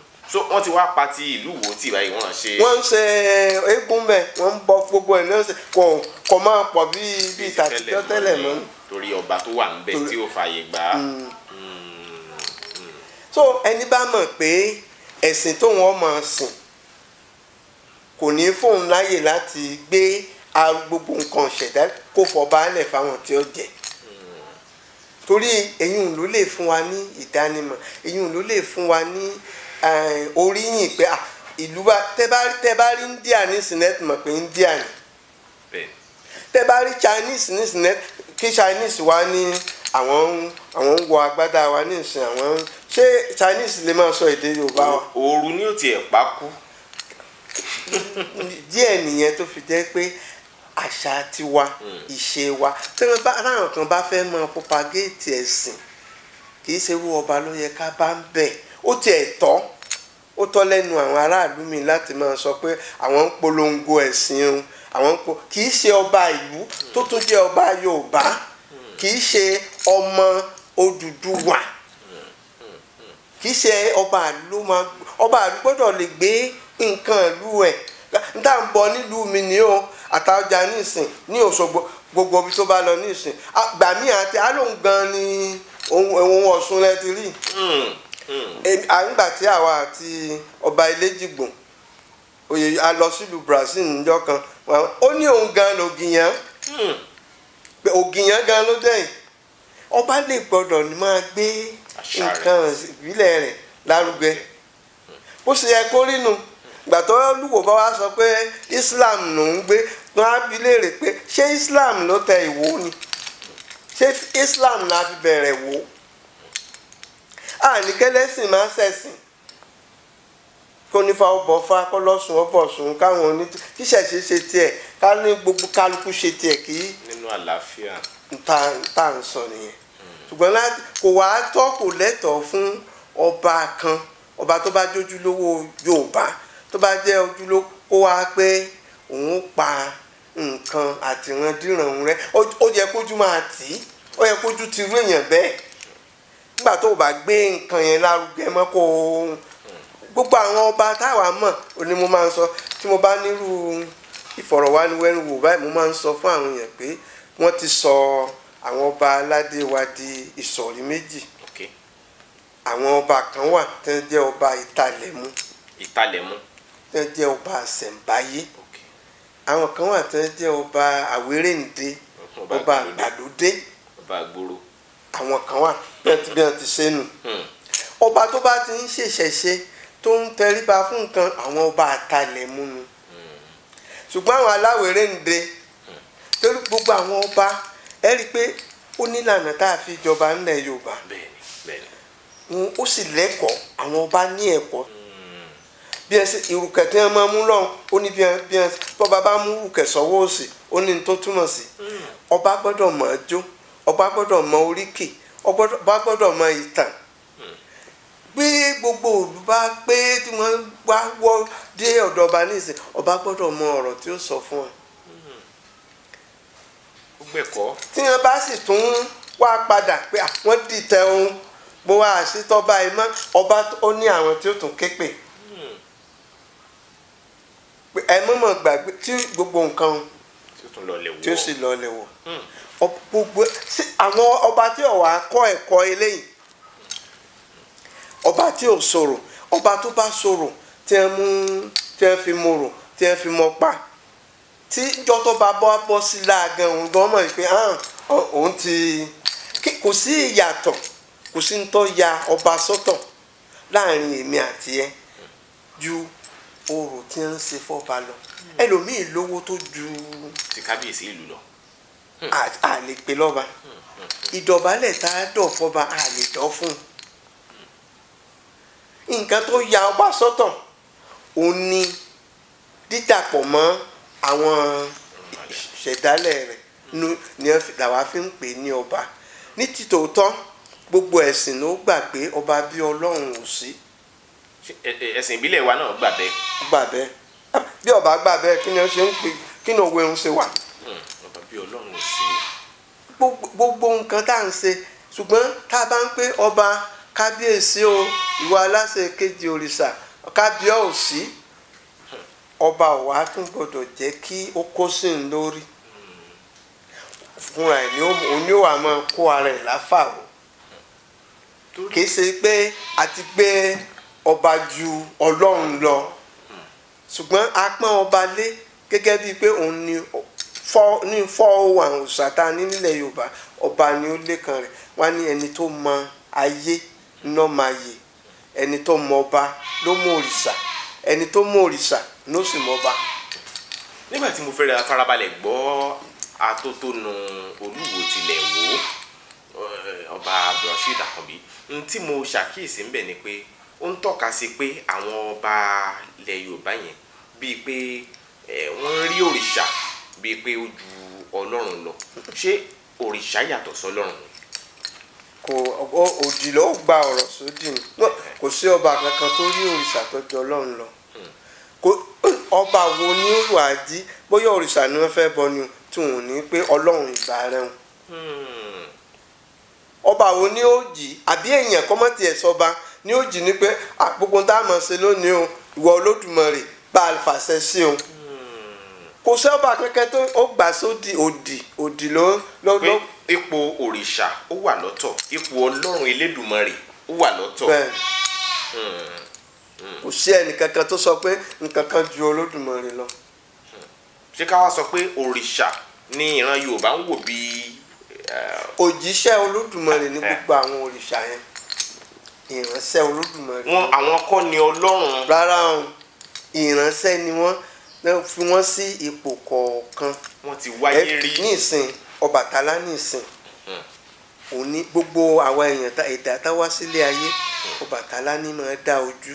so wọ́n ti wá pa ti ìlú wo tì báyìí wọ́n ṣe. wọ́n ń ṣe eégún bẹ́ẹ̀ wọ́n ń bọ gbogbo ẹ̀ náà kò kò máa pọ̀ bíi bíi tàtijọ́ tẹ́lẹ̀ mọ́. torí ọba tó wà níbẹ̀ tí ò fààyè gbà. Mm. Mm, mm. so ẹni bá mọ̀ pé ẹ̀sìn tóun ọmọ sìn kò ní fóun láyè láti gbé gbogbo nǹkan ṣẹ̀dá kó fọ baálẹ̀ fáwọn tí ó jẹ́ torí ẹ̀yìn ló lè fún wa ní ìdánimọ̀ ẹ̀yìn ló lè fún wa ní. Eh, oríyìn pé ah, ìlú bá tẹ́ bá rí India ní sinẹ́tì mọ̀ pé India ni tẹ́ bá rí Chinese ní sinẹ́tì kí Chinese wá ní àwọn ń àwọn ń wọ agbádá wa ní ìsìn àwọn ń ṣé Chinese lè máa sọ èdè Yorùbá wa. òru ni ó tiẹ̀ pa kú. díẹ̀ nìyẹn tó fi jẹ́ pé àṣà tiwa hmm. ìṣe wa tí wọn bá ráwọn kan bá fẹ́ mọ propagate ẹ̀sìn kì í ṣe irú ọba ló yẹ ká bá ń bẹ̀ ó ti ẹ̀tọ́ ó tọ́ lẹ́nu àwọn aráàlú mi láti máa sọ pé àwọn polongo ẹ̀sìn o àwọn ń po kì í ṣe ọba ìlú tó tún jẹ́ ọba Yorùbá kì í ṣe ọmọ Odùduwà kì í ṣe ọba àlú máa ọba àlú gbọ́dọ̀ lè gbé nǹkan ìlú ẹ̀ mi ni o àtàjà nísìn gbogbo ibi tó bá lọ nísìn gbàmí àti ni ohun rẹ àgbà tí àwa àti ọba Ẹlẹ́jìgbòn oyè a lọ sílùú Brazil níjọ́ kan ó ní òun gan lògìyàn hmm. ògìyàn gan ló dẹ̀yìn ọba lè gbọdọ̀ ní máa gbé nǹkan ìbílẹ̀ rẹ̀ lárugẹ bó ṣe yẹ kó rí bá wá sọ pé Islam ló ń gbé wọn á bi léèrè Islam ló tẹ Ìwó ni ṣé Islam la fi bẹ̀rẹ̀ àníkẹ́lẹ́sìn máa ń ṣẹ̀sìn kónífà ọbọ̀ fa kọlọ́sùn ọbọ̀ sùn káwọn oní tíṣẹ̀ṣe ṣe tiẹ̀ ká ní gbogbo kálukú ṣe tiẹ̀ kí. nínú àlàáfíà. ta ta ń sọ nìyẹn ṣùgbọ́n kò wá tọ́ kò lẹ́tọ̀ọ́ fún ọba kan ọba tó bá jẹ́ ojúlówó Yorùbá tó bá jẹ́ ojúlówó kó wá pé òun pa nǹkan àtìrandíran rẹ ó yẹ kójú máa tì í ó yẹ kójú ti rú èèyàn bẹ́ẹ̀ nígbà tó o bá gbé nǹkan yẹn lárugẹ mọ́ kó o gbogbo àwọn ọba táwa mọ̀ ò ní mo máa ń sọ tí mo bá nírú ìfọ̀rọ̀wánilẹ́nuwò báyìí mo máa ń sọ fún àwọn èèyàn pé wọ́n ti sọ àwọn ọba aládé wa di ìsọ̀rí méjì àwọn ọba kan wà tẹ́ jẹ́ ọba ìtalẹ̀mú ìtalẹ̀mú tẹ́ jẹ́ ọba àṣẹ̀ǹbáyé àwọn kan wà tẹ́ jẹ́ ọba àwérèǹde ọba àgbàlódé ọba àgbòrò àwọn kan wà bí wọ́n ti ṣe nù hmm. ọba tó bá ti ń ṣèṣẹ̀ṣe tó ń tẹríba fún nǹkan àwọn ọba àtàlẹ̀ mú nu hmm. ṣùgbọ́n àwọn aláwèrè ń de hmm. torí gbogbo àwọn ọba ẹ rí i pé ó nílànà tá a fi jọba ńlẹ̀ Yorùbá ó sì lẹ́kọ̀ọ́ àwọn ọba ní ẹ̀kọ́ bí ẹ ṣe ìrùkẹ̀ tí wọ́n máa mú lọ́hùn ó ní bí wọ́n bí wọ́n bá mú ìrùkẹ̀ sọ́wọ́ òsì ó ní tó túmọ̀ sí ọba gbọ́dọ̀ mọ̀ ọ́ ọba gbọ́dọ̀ mọ oríkì bá gbọ́dọ̀ mọ ìtàn hmm. bí gbogbo òlù bá pé tí wọ́n bá wọ́ dé ọ̀dọ̀ ọba nísìn ọba gbọ́dọ̀ mọ ọ̀rọ̀ tí ó sọ fún ọ. Hmm. tí wọ́n bá sì tún wá padà pé àwọn dìtẹ̀ òun bó wá àṣetọ́ba ẹ mọ́ ọba ó ní àwọn tí ó tún ké pè hmm. ẹ mọ̀mọ́ gbàgbé tí gbogbo nǹkan tí ó sì lọ lè wọ̀ gbogbo àwọn ọba tí ó wá kọ́ ẹ̀kọ́ eléyìí ọba tí ò sọ̀rọ̀ ọba tó bá sọ̀rọ̀ tí ẹ mú tí ẹ fi mọ̀rọ̀ tí ẹ fi mọ̀ pa tí jọ́tọ̀ bá bọ́ bọ́ sí láàgán òun gan mọ̀ pé òun ti kò sí ìyàtọ̀ kò sí ń tọ́ ya ọba sọ́tọ̀ láàrin èmi àti ẹ ju orò tí ń ṣe fọ́ba lọ hmm. ẹlòmíì lówó tó ju. ti kábíyèsí ìlú lọ a ìdọ̀bálẹ̀ tá a dọ̀ fọba a lè dọ̀ fún un nǹkan tó ya ọba sọ́tọ̀ òun ni dídàpọ̀ mọ́ àwọn ìṣẹ̀dálẹ̀ rẹ̀ ni làwa fi ń pè ní ọba ní títòótọ́ gbogbo ẹ̀sìn ló gbà pé ọba bí ọlọ́run ò sí. ẹ̀sìn ìbílẹ̀ wa náà gbà bẹ́ẹ̀. gbà bẹ́ẹ̀ bí ọba gbà bẹ́ẹ̀ kí ni ó ṣe ń pè kí ni òwe ń ṣe wà bí ọlọ́run ò sí. gbogbo nǹkan tá à ń ṣe ṣùgbọ́n tá a bá ń pé ọba kábíyèsí o ìwà aláṣẹ kejì òrìṣà kábíyà ò sí ọba ọ̀wá tún gbọdọ̀ jẹ́ kí ó kó sí ń lórí fúnra ẹ̀ ni oníwà máa kó ara ẹ̀ láfà o kì í ṣe pé àti gbé ọba ju ọlọ́run lọ hmm. ṣùgbọ́n a pọ́n ọba lé gẹ́gẹ́ bíi pé òun ni four ní four oh one òòṣà tá a ní nílẹ̀ yorùbá ọba ni ó lékan rẹ̀ wá ní ẹni tó mọ ayé náà máa yè ẹni tó mọ ọba ló mọ òrìṣà ẹni tó mọ òrìṣà ló sì mọ ọba. nígbà tí mo fẹ́rẹ̀ afárabalẹ̀ gbọ́ atótónu olúwo tilẹ̀ wò eh, ọba abdulrasheed akànbí n tí mo ṣàkíyèsí ńbẹ̀ ni pé ó ń tọ́ka sí pé àwọn ọba ilẹ̀ yorùbá yẹn bíi pé eh, wọ́n rí òrìṣà bíi pé ó ju ọlọ́run lọ ṣé òrìṣà yàtọ̀ sọlọ́run ni kò òdì ló gba ọ̀rọ̀ sódì ni kò sí ọba kankan tó rí òrìṣà tó jọ ọlọ́run lọ hmm. ọba wo ni ó wà á di bóyá òrìṣà ni wọ́n fẹ́ bọ ni tí wọ́n ní pé ọlọ́run ìgbà rẹ̀ wọn. Hmm. ọba wo ni ó jì àbí èèyàn kọ́mọ́ tiẹ̀ sọba ni ó jì ní pé àpòkùn tá a mọ̀ ṣe lónìí o ìwọ olódùmarè bá a fàṣẹ sí o kò sọ́ba kankan tó ó gbà sódì òdì òdì ló ló ló. pé ipò òrìṣà ó wà lọ́tọ̀ ipò ọlọ́run elédùnmarè ó wà lọ́tọ̀. Hmm. kò sí ẹnìkankan tó sọ pé nǹkan kan ju olódùmarè lọ. ṣé ká wá sọ pé òrìṣà ni ìran yorùbá ń wò bí. Eh, òjíṣẹ́ olódùmarè ní eh, eh. gbogbo àwọn òrìṣà yẹn ìránṣẹ́ olódùmarè. wọn àwọn kọ́ ni ọlọ́run. rárá o ìránṣẹ́ ni wọ́n náà fi wọ́n sí ipò kọ̀ọ̀kan. wọ́n ti wáyé rí. nísìn Ọbàtálá nísìn hmm. òun ní gbogbo àwa èèyàn ẹ̀dá tá wá sílé ayé Ọbàtálá ní máa dá ojú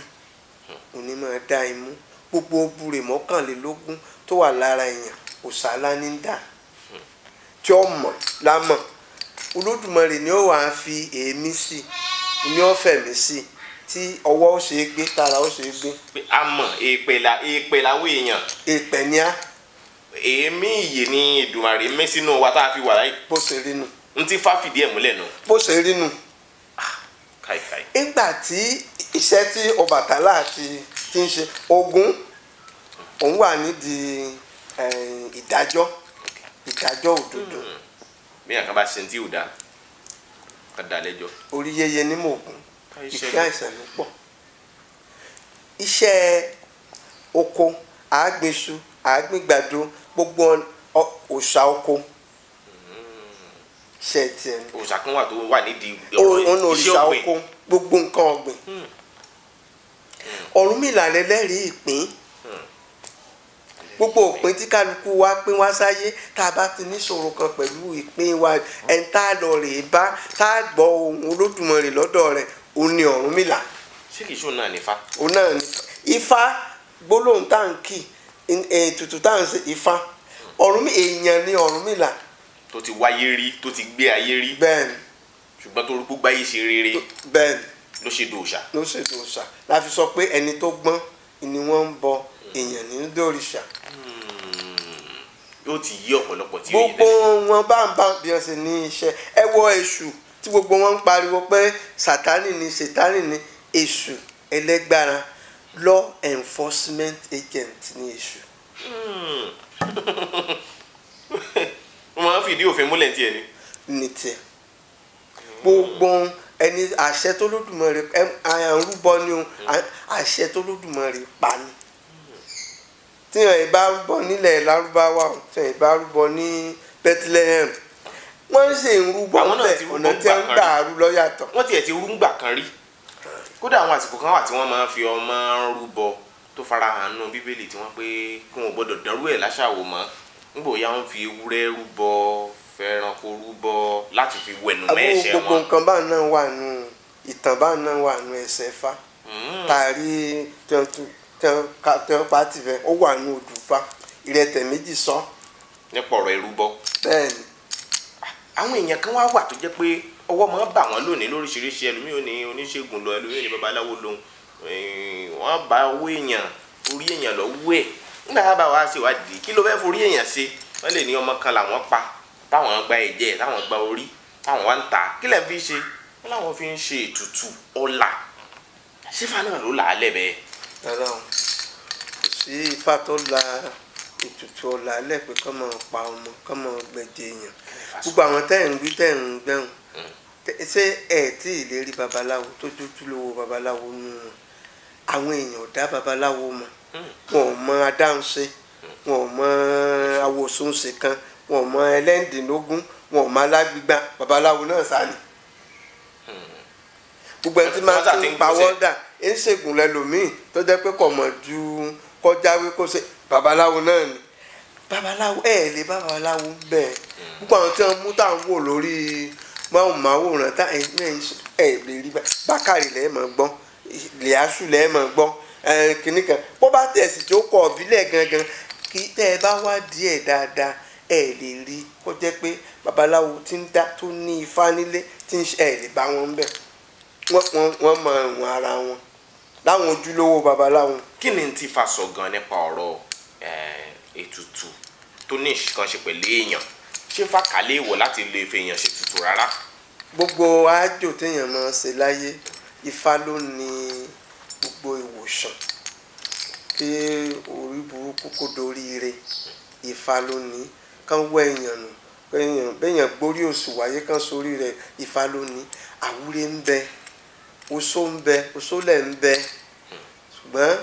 hmm. òun ní máa dá imú gbogbo búrè mọ́kànlélógún tó wà lára èèyàn òṣàlá ní dà tí ó mọ̀ lámọ̀ Olódùmarè ni ó wàá fi èémí sí ni ó fẹ̀mí sí. Si tí ọwọ́ ó ṣe é gbé tára ó ṣe é gbé. a mọ̀ èèpẹ̀ là èèpẹ̀ làwọn èèyàn. èèpẹ̀ ni á. èémí ìyè ni ìdùmarè mí sínú wa tá a fi wà láyé. bó ṣe rí nu. n ti fáfìdí ẹ̀ múlẹ̀ nù. bó ṣe rí nu. Ah, nígbà tí iṣẹ́ tí Ọbàtálá ti ti ń ṣe Ògún òun wà nídìí ìdájọ́ ìdájọ́ òdodo. Hmm. bí àkàbà ṣe ti ò dá ká dá lẹ́jọ́. orí yẹyẹ ni mò ń gùn ìṣe àìsàn ló pọ̀ iṣẹ́ oko àágbéṣu àágbégbàdo gbogbo òòṣà oko hmm. ṣe tiẹ̀. òòṣà kan wà tó wà nídìí iṣẹ́ ọ̀gbìn gbogbo nǹkan ọ̀gbìn hmm. hmm. Ọ̀rúnmìlà lẹ́lẹ́rìí ìpín gbogbo òpin tí kálukú wa pín wá sáyé tá a bá ti níṣòro kan pẹ̀lú ìpín wa ẹni tá a lọ rèé bá tá a gbọ́ ohun Olódùmarè lọ́dọ̀ rẹ̀ òun ni Ọ̀rúnmìlà. ṣé kìí ṣòun náà nífa. òun náà ní ifá gbólóhùn tá à ń kì ètùtù tá à ń ṣe ifá Ọ̀rúnmì èèyàn ni Ọ̀rúnmìlà. tó ti wáyé rí tó ti gbé ayé rí. bẹ́ẹ̀ni. ṣùgbọ́n tó rúkú gbáyé ṣe rere. bẹ́ẹ̀ni. ló ṣe dòòṣà. ló ṣe dòòṣà la fi sọ pé ẹni tó gbọ́n ni wọ́n ń bọ èèyàn nínú dòòṣà hmm. yóò ti yí ọ̀pọ̀lọpọ̀ tí yóò yí lẹ́yìn. gbogbo wọn bá ń bá bí wọ́n ṣe ní iṣẹ́ ẹ wọ tí gbogbo wọn ń pariwo pé sátani ni sátani ni èṣù ẹlẹ́gbára law enforcement agent ni èṣù. wọ́n hmm. (laughs) máa ń fìdí òfin múlẹ̀ tiẹ̀ ni. ní tiẹ̀ gbogbo ẹni àṣẹ tó lódùmarè àrùbọ ni o hmm. àṣẹ tó lódùmarè pa ni tíyàn ìbá rúbọ nílẹ̀ lárúbáwá tíyàn ìbá rúbọ ní Bethlehem wọ́n ṣe ń rúbọ ọ̀nà tí wọ́n gbà rú lọ́yàtọ̀. wọ́n tiẹ̀ ti rú kan rí kódà àwọn àsìkò kan wà tí wọ́n máa ń fi ọmọ tó farahàn nù bíbélì tí wọ́n pé kí wọ́n gbọ́dọ̀ dánrú ẹ̀ láṣàwò nígbò ya wọ́n fi ewúrẹ́ láti fi wọn. gbogbo bá náà wà nù ìtàn bá náà wà nù nù òdùfà méjì sọ. nípa ọ̀rọ̀ àwọn èèyàn kan wá wà tó jẹ́ pé ọwọ́ máa bà wọ́n lónìí lóríṣiríṣi ẹlòmíì ò ní oníṣègùn lọ ẹlòmíì ò ní babaláwo lòun wọ́n bá owó èèyàn orí èèyàn lọ wú ẹ̀ nígbà bá wa ṣèwádìí kí ló fẹ́ forí èèyàn ṣe wọ́n lè ní ọmọ kan làwọn pa táwọn gba ẹ̀jẹ̀ táwọn gba orí táwọn wá ń ta kí lẹ́ fi ṣe wọ́n láwọn fi ń ṣe ètùtù ọlà sífà náà ló là á lẹ̀ bẹ́ẹ̀. ifá tó la ètùtù ọ̀la lẹ́pẹ́ kọ́ mọ̀ pa ọmọ kọ́ mọ̀ gbẹ̀jẹ̀ èèyàn gbogbo àwọn tẹ́ ń wí tẹ́ ń gbẹ̀hùn mm. ṣé ẹ tí ì lè rí babaláwo tó dójúlówó babaláwo nù wọn àwọn èèyàn ò dá babaláwo mọ̀ mm. wọn ò mọ adáhunṣe mm. wọn ò mọ awòsùnṣe kan wọn ò mọ ẹlẹ́ǹdínlógún wọn ò mọ alágbígbá babaláwo náà sáni gbogbo ẹni tí máa tún pawọ́ dà ń ṣègùn lẹ́lòmíì tó jẹ́ pé kò mọ̀ ju kọjá wí kó ṣe babaláwo náà ni babaláwo ẹ lè babaláwo bẹ púpọ̀ àwọn tí wọ́n mú tá à ń wò lórí máwòmáwòrán tá ẹ ẹ lè rí bákàrè lẹ́ẹ̀ mọ̀ gbọ́n lẹ́àṣù lẹ́ẹ̀ mọ̀ gbọ́n kìnnì kan bó bá tẹ̀sí tí ó kọ̀ ọ̀bílẹ̀ gangan kí tẹ́ ẹ bá wá díẹ̀ dáadáa ẹ lè rí kó jẹ́ pé babaláwo ti ń dá tó ní ifá nílé tí ẹ lè bá wọn bẹ̀ wọ́n mọ àwọn ara wọn láwọn ojúlówó babaláwo. kí ni ti fa sọ gan nípa ọ̀rọ̀ Eh, ètùtù tó ní ìṣìkan ṣe pẹ̀lú èèyàn ṣé fàkàlẹ́ ìwọ̀ láti lo ìfẹ́ èèyàn ṣe tutù rárá. gbogbo àjò téèyàn máa ṣe láyé ifá ló ní gbogbo ìwòsàn pé orí burúkú kò dorí ire ifá ló ní kán wọ èèyàn nù bẹ́ẹ̀yàn gbórí oṣù wáyé kan sórí rẹ̀ ifá ló ní àwúrẹ́ ń bẹ oṣó ń bẹ oṣó lẹ̀ ń bẹ ṣùgbọ́n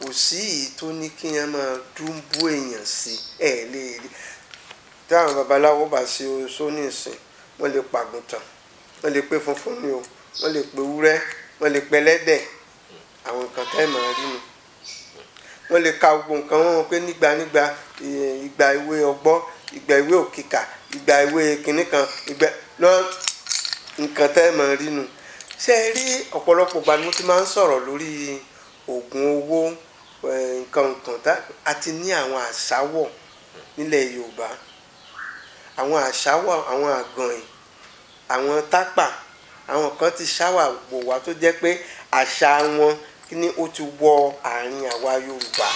kò sí èyí tó ní kí yẹn máa dúnbú èèyàn sí ẹ lè rí táwọn babaláwo bá ṣe oṣó ní ìsìn wọ́n lè pàgùntàn wọ́n lè pe funfun ni o wọ́n lè pe wúrẹ́ wọ́n lè pe lẹ́dẹ̀ àwọn nǹkan tẹ́ máa rí ni wọ́n lè ka gbogbo nǹkan wọn pé nígbà nígbà ìgbà ìwé ọgbọ́ ìgbà ìwé òkìkà ìgbà ìwé kìnnì kan ìgbà lọ nǹkan tẹ́ máa rí nu ṣe rí ọ̀pọ̀lọpọ̀ gbà ni máa ń sọ̀rọ̀ lórí oògùn owó nǹkan nǹkan tá a ti ní àwọn àṣàwọ̀ nílẹ̀ yorùbá àwọn àṣàwọ̀ àwọn àgànyìn àwọn tápà àwọn kan ti ṣáwà bò wá tó jẹ́ pé àṣà wọn ni ó ti wọ àárín àwa yorùbá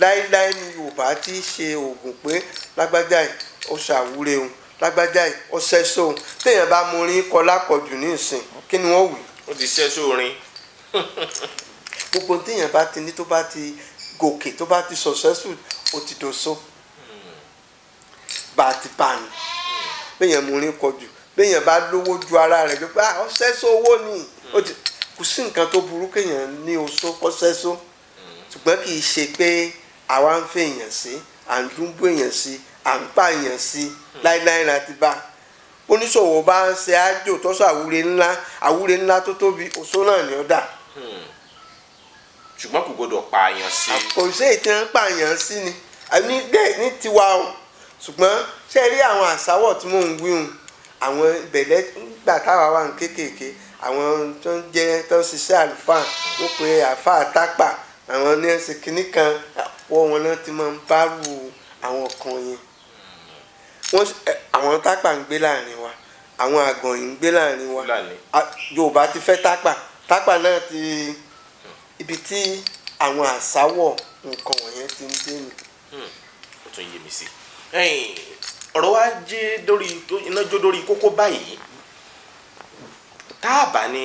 láíláí ni yorùbá ti ṣe oògùn pé lágbájá yìí ó ṣàwúre òun lágbájá yìí ó ṣẹ́ṣọ́ òun téèyàn bá mú orin kọ lákọ̀jù ní ìsìn kí ni wọ́n wí. ó ti ṣẹ́ṣọ́ orin. (laughs) gbogbo téèyàn bá ti ní tó bá ti gòkè tó bá ti successful ó ti dòso bá a ti bá a ní béèyàn mú rin kọjú béèyàn bá lówó ju ara rẹ̀ gbé pé ah owó ni kò sí nǹkan tó burú kéèyàn ní oṣó kọ́sẹ́sọ ṣùgbọ́n kì í ṣe pé àwa ń fẹ́ èèyàn sí à ń dúnbó èèyàn sí à ń pààyàn sí láíláí láti bá a oníṣòwò bá ń ṣe àjò tọ́sọ àwúre ńlá àwúre ńlá tó tóbi oṣó náà ni ó dà ṣùgbọ́n kò gbọdọ̀ pààyàn sí. àkọsẹ́ ìtàn pààyàn sí ni àmì bẹ́ẹ̀ ní tiwa o ṣùgbọ́n ṣe rí àwọn àsáwọ̀ tí mò ń wí hun àwọn ìbẹ̀lẹ̀ nígbà táwa wà ní kéékèèké àwọn tó ń jẹ tó ń ṣiṣẹ́ àlùfáà ló pe àáfàá tápà àwọn ní ẹsẹ̀ kínní kan àpò wọn náà ti máa ń bárù àwọn kan yẹn wọn àwọn tápà ń gbé láàrin wa àwọn àgàn yìí ń gbé láàrin wa yorùbá ti fẹ́ tápà tápà náà ti. ibi tí àwọn àsáwọ̀ nǹkan wọ̀nyẹn ti ń dé nù. Hmm, ó tún yé wa jẹ́ lórí iná jó lórí kókó báyìí táàbà ni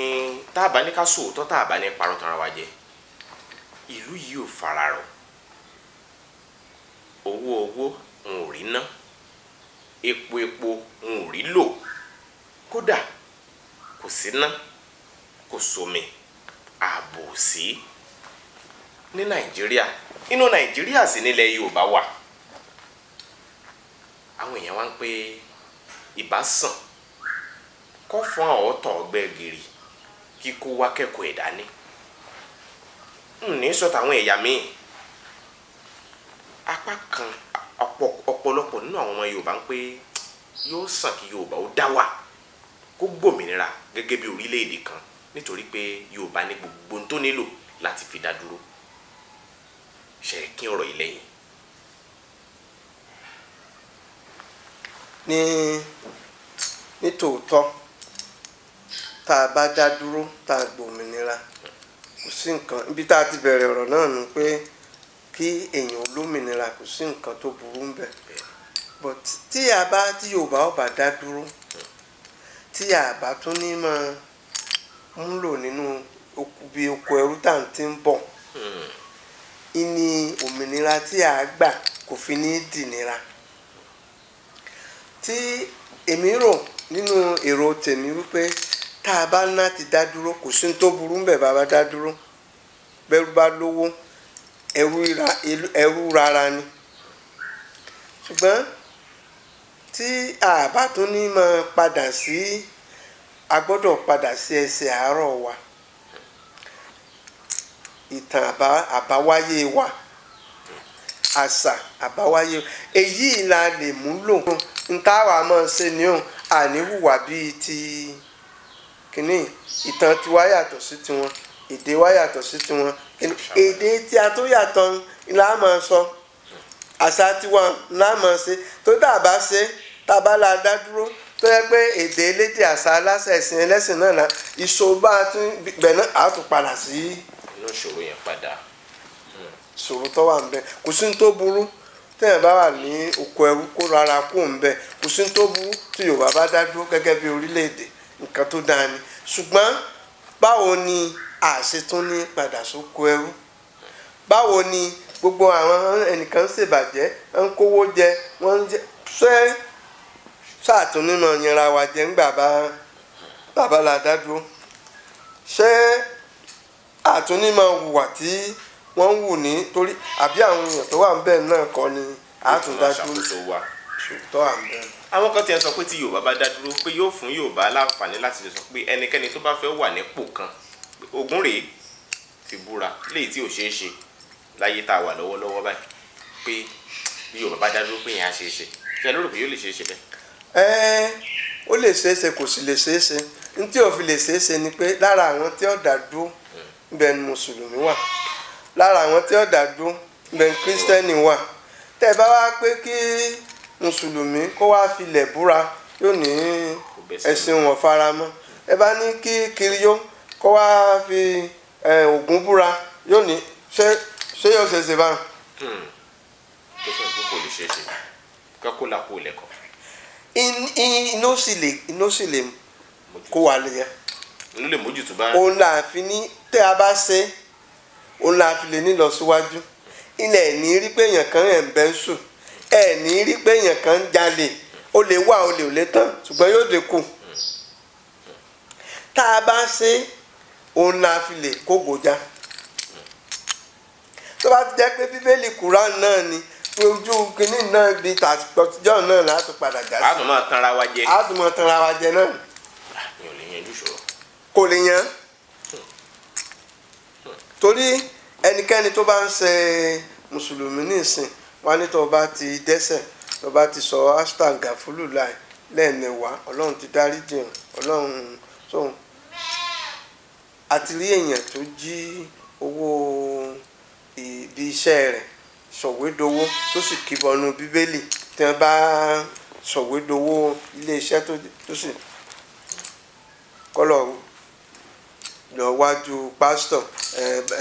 táàbà ní ká sòótọ́ táàbà ní parọ́ tara wa ìlú yìí ò owó owó n ná epo epo n ò rí lò kódà kò sí ná ààbò sí ní nàìjíríà inú nàìjíríà sì nílẹ̀ yorùbá wà àwọn èèyàn wá ń pé ìbá sàn kọ́ fún àwọn ọ̀tọ̀ ọgbẹ́ gírì kíkó wá kẹ́kọ̀ọ́ ní sọ ẹ̀yà míì apá kan ọ̀pọ̀lọpọ̀ nínú àwọn ọmọ yorùbá ń yóò sàn kí yorùbá ó dá wà kan nítorí pé Yorùbá ní gbogbo tó nílò láti fi dá dúró ṣe kí ọ̀rọ̀ yìí lẹ́yìn. ní nítòótọ́ tá a bá dá dúró tá a gbòmìnira kò sí nǹkan ibi tá a ti bẹ̀rẹ̀ ọ̀rọ̀ náà ni pé kí èèyàn olómìnira kò sí nǹkan tó burú ń bẹ̀ but tí a bá tí Yorùbá ọba dá dúró tí a bá tún ní máa ń lò nínú bí oko ẹrú tá à ń ti ń bọ̀ hmm. ìní òmìnira tí a gbà kò fi ní dìnira tí èmi rò nínú èrò tèmi wípé tá a bá ná ti dá dúró kò sí tó burú ń bẹ̀ bá bá dá dúró bẹ́rú bá lówó ẹrú rárá ni ṣùgbọ́n tí a bá tún ní máa padà sí. Si, a gbọ́dọ̀ padà sí ẹsẹ̀ àárọ̀ wa ìtàn àbáwáyé wa àṣà àbáwáyé èyí la lè mú lò ń táwa máa ṣe ni ó àníwùwà bíi ti kìnnì ìtàn tiwa yàtọ̀ sí tiwọn èdè wa yàtọ̀ sí tiwọn èdè tí a tó yàtọ̀ ńlá máa sọ àṣà tiwa ńlá máa ṣe tó dàbá ṣe tábàlà dá dúró tó yẹ pé èdè elédè àṣà aláṣà ẹ̀sìn ẹlẹ́sìn náà la ìṣòba tún bẹ̀ náà á tún padà sí. inú ìṣòro yẹn padà. ìṣòro tó wà nbẹ kò sí ní tó burú tẹ́yìn bá wà ní oko ẹrú kó rárá kó ń bẹ kò sí ní tó burú tí Yorùbá bá dájú gẹ́gẹ́ bí orílẹ̀-èdè nǹkan tó dáa ni ṣùgbọ́n báwo ni àṣetún ní padà sóko ẹrú báwo ni gbogbo àwọn ẹnìkan ṣèbàjẹ́ ń kówó jẹ wọ́n ń jẹ ṣé. sáàtúnú náà yanra wa jẹ́ ń bàbá bàbá la dá dúró ṣé àtúní máa tí wọ́n ń wù ní torí àbí àwọn èèyàn tó wà ń bẹ̀ náà kọ́ ni àtúndá dúró ṣùtọ́ à ń bẹ̀. àwọn kan ti ẹ sọ pé tí Yorùbá bá dá dúró pé yóò fún Yorùbá láǹfààní láti lè sọ pé ẹnikẹ́ni tó bá fẹ́ wà nípò kan ogun rèé fi búra léyìí tí ò ṣeé ṣe láyé tá a wà lọ́wọ́lọ́wọ́ báyìí pé Yorùbá bá dá pé yẹn á ṣeé ṣe ṣe lórí pé yóò lè ṣeé ṣe bẹ́ẹ̀ ẹ̀ẹ́n ó lè ṣeéṣe kò sì lè ṣeéṣe ní tí òfin lè ṣeéṣe ni pé lára àwọn tí ó dá dúró ibẹ̀ ni mùsùlùmí wà lára àwọn tí ó dá dúró ibẹ̀ ni kírísítẹ́nì wà tẹ́ bá wá pé kí mùsùlùmí kó wá filẹ̀ búra yóò ní ẹ̀sìn wọn fara mọ́ ẹ bá ní kí kiriyó kó wá fi Ògún búra yóò ní ṣé yóò ṣeéṣe báyìí. Hmm. tó fẹ́ kó kò lè ṣeéṣe kó kó lápò lẹ́kọ̀ọ́ iná sì lè iná sì lè kó wa lẹ́yìn. ló lè mójútó òun là fi ní tẹ́ a bá ṣe òun là ń fi lè ní lọ síwájú ilẹ̀ ní rí pé èèyàn kan ẹ̀ ń bẹ́ ń sùn ẹ̀ ní rí pé èèyàn kan ń jalè ó lè wà ó lè ò lè tán ṣùgbọ́n yóò dínkù tá a bá ṣe òun là fi lè kó gòjà tó bá ti jẹ́ pé bíbélì kùrán náà ni ojú kínní náà bíi tàtijọ́ náà láti padà já sí. a tún máa tanra wa jẹ. a tún máa tanra wa jẹ náà. Ah, mi ò lè yanjú ìṣòro. kò lè yan hmm. Hmm. torí ẹnikẹ́ni tó bá ń ṣe mùsùlùmí nísìn wá ní tó bá ti dẹ́sẹ̀ tó bá ti sọ hashtag gàfúlù láì lẹ́ẹ̀mẹwàá ọlọ́run ti dárí jìn ọlọ́run sóhun àti tó jí owó ibi iṣẹ́ rẹ̀ sọ̀wédowó tó sì kíbọnú bíbélì tí wọ́n bá sọ̀wédowó iléeṣẹ́ tó sì kọ́lọ̀ lọ wájú pásítọ̀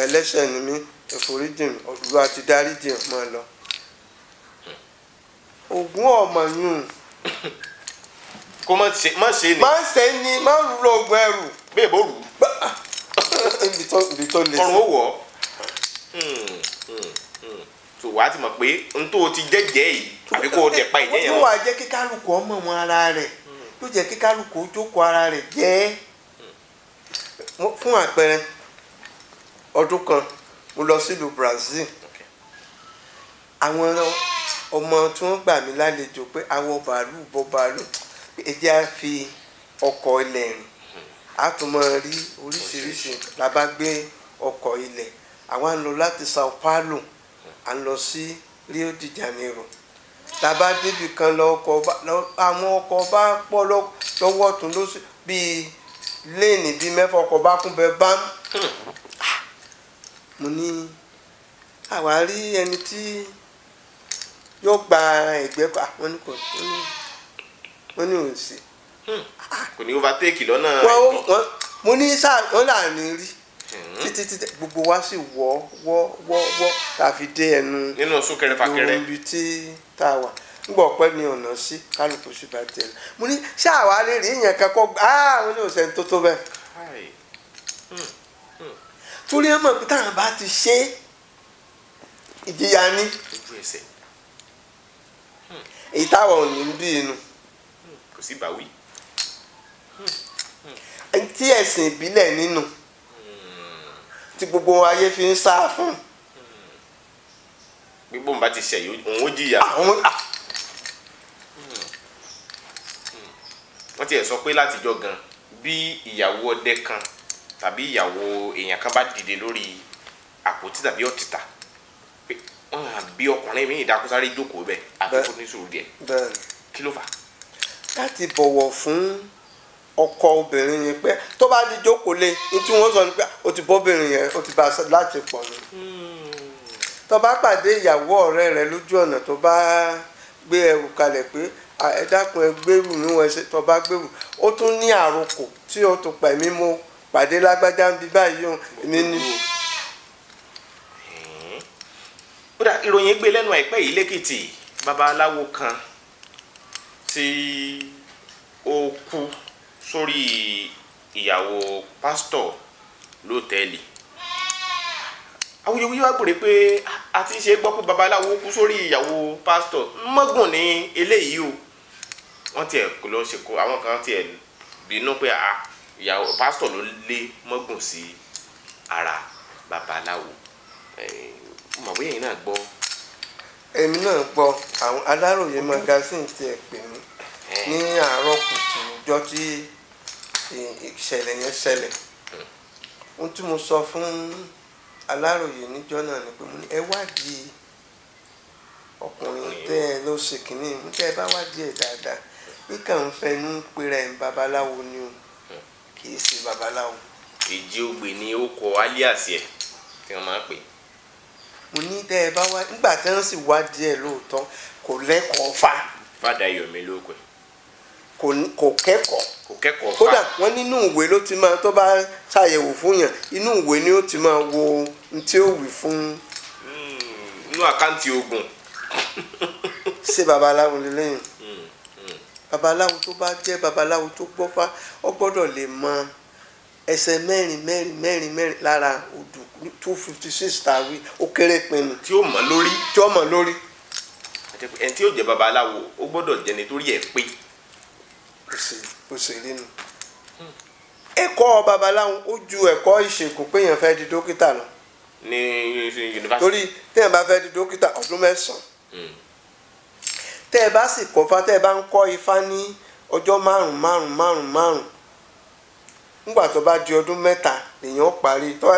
ẹlẹ́ṣẹ̀ ni mí ìforíjìn Olúwa ti dáríjìn mọ́ lọ. ògùn ọmọ yùn kó má ṣe má ṣe ni. má ṣe ni má ro oògùn ẹrù. bẹ́ẹ̀ bó rù ú. (laughs) ọrùn ó wọ̀ ọ́. Hmm, hmm tó wàá ti mọ̀ pé n tó ti jẹ́jẹ́ yìí àfi kó o dẹ̀ pa ìjẹ́ yẹn wọn. wọ́n wàá jẹ́ kí ọmọ wọn ara rẹ̀ yóò jẹ́ kí jókòó ara rẹ̀ jẹ́ fún àpẹẹrẹ ọdún kan mo lọ sílùú Brazil àwọn ọmọ tí wọ́n gbà mí lálejò pé àwọn bàálù bọ bàálù ẹ jẹ́ á fi ọkọ̀ ilẹ̀ rìn a tún mọ rí oríṣiríṣi la bá gbé ọkọ̀ ilẹ̀ àwa ń láti Sao Paulo à ń lọ sí Rio de Janeiro tàbá débi kan lọ ọkọ̀ àwọn ọkọ̀ bá pọ̀ lọ́wọ́ ọ̀tún lóṣù bíi léènì bíi mẹ́fà ọkọ̀ bá kún bẹ́ẹ̀ bá mo ní àwa rí ẹni tí yóò gba ẹgbẹ́ pa ah, wọ́n ní kò wọ́n ní òun sí. kò ní overtake lọ́nà. mo ní sáà wọ́n là ní rí. Hmm. títí títí gbogbo wa sì wọ́ wọ́ wọ́ wọ́ tá a fi dé ẹnu nínú súnkẹrẹ fàkẹrẹ lórí ibi tí tá a wà ngbọ pẹ ni ọ̀nà sí kálukú sí bá tiẹ̀ mo ní ṣáà wàá lè rí ìyẹn kankan ah mo ní òsè tó tó bẹ́ẹ̀ hmm, hmm. torí ẹ mọ̀ pé táwọn bá ti ṣe ìjìyà ní èyí táwọn ò ní bí inú. kò sí bàwí. tí ẹ̀sìn ìbílẹ̀ nínú. No tí gbogbo ayé fi ń sá fún. gbígbó bá ti ṣẹ̀yìn òun ó jìyà. Ah, ah. wọ́n tiẹ̀ sọ pé látijọ́ gan bí ìyàwó ọdẹ kan tàbí ìyàwó èèyàn kan bá dìde lórí àpótí tàbí ọ̀tìtà wọn à bí ọkùnrin mi ìdákúsáré jókòó bẹ́ẹ̀ àti kó ní sùúrù díẹ̀ kí ló fà. láti bọ̀wọ̀ fún ọkọ obìnrin yẹn pé tó bá di jókòó lé tí wọ́n sọ ni pé o ti bóbìnrin yẹn o ti bá a láti pọ̀ ni. tó bá pàdé ìyàwó ọ̀rẹ́ rẹ lójú ọ̀nà tó bá gbé ẹrù kalẹ̀ pé ẹ dákun ẹ gbẹ́rù níwọ̀n ẹsẹ̀ tó bá gbẹ́rù ó tún ní àròkò tí o tó pẹ̀mí mo pàdé lágbájá ń bí báyìí o èmi ni. kódà ìròyìn gbé lẹ́nu àìpẹ́ yìí lẹ́kìtì babaláwo kan tí ó kú sórí ìyàwó pásítọ̀ lóòtẹ́ẹ̀lì awuyewuye wá gbòde pé a ti ṣe gbọ́ pé babaláwo kú sórí ìyàwó pásítọ̀ mọ́gùn ní eléyìí o wọ́n tiẹ̀ kò lọ ṣe kó àwọn kan tiẹ̀ bínú pé a ah, ìyàwó pásítọ̀ ló lé mọ́gùn sí ara babaláwo màwé yẹn náà gbọ́. èmi náà gbọ́ àwọn aláròye magasin tiẹ̀ pè mí ní àárọ̀ kùtù ọjọ́ tí ìṣẹ̀lẹ̀ yẹn ṣẹlẹ̀ ohun tí mo sọ fún aláròye níjọ́ náà ni pé mo ní ẹ wádìí ọkùnrin tẹ́ ẹ ló ṣe kínní mo tẹ́ ẹ bá wádìí ẹ̀ dáadáa bí kàn ń fẹnu pera ẹ̀ ń babaláwo ni o kì í ṣe babaláwo. èjì ògbè ni ó kọ alias ẹ tí wọn máa ń pè. mo ní tẹ́ ẹ bá wá nígbà tí wọ́n sì wádìí ẹ̀ lóòótọ́ kò lẹ́kọ̀ọ́ fa. fàdà yọ̀mí ló kọ̀ ẹ́. kò kẹ́kọ̀ọ́ kò kẹ́kọ̀ọ́ fà kódà wọ́n nínú ìwé ló ti máa tó bá ṣàyẹ̀wò fún yàn inú ìwé ni ó ti máa wo ohun tí ó wí fún. Hmm, inú àkáǹtì ogun. (laughs) ṣé babaláwo lélẹ́yìn hmm, hmm. babaláwo tó bá jẹ́ babaláwo tó gbọ́fá ọ gbọ́dọ̀ lè mọ ẹsẹ̀ mẹ́rin mẹ́rin mẹ́rin mẹ́rin lára odù two fifty six tàwí ó kéré pinnu. tí ó mọ lórí. tí ó mọ lórí. ẹni tí yóò jẹ́ babaláwo ó gbọ́dọ̀ jẹni torí ẹ̀ pé. òṣèlú nù babaláwo ó ju di dókítà lọ ní yunifásitì torí téèyàn di dókítà ọdún mẹ́sàn hmm. tẹ ẹ bá sì kọ́ fa ẹ bá ń kọ́ ifá ní ọjọ́ márùn márùn márùn márùn nígbà tó bá di ọdún parí tó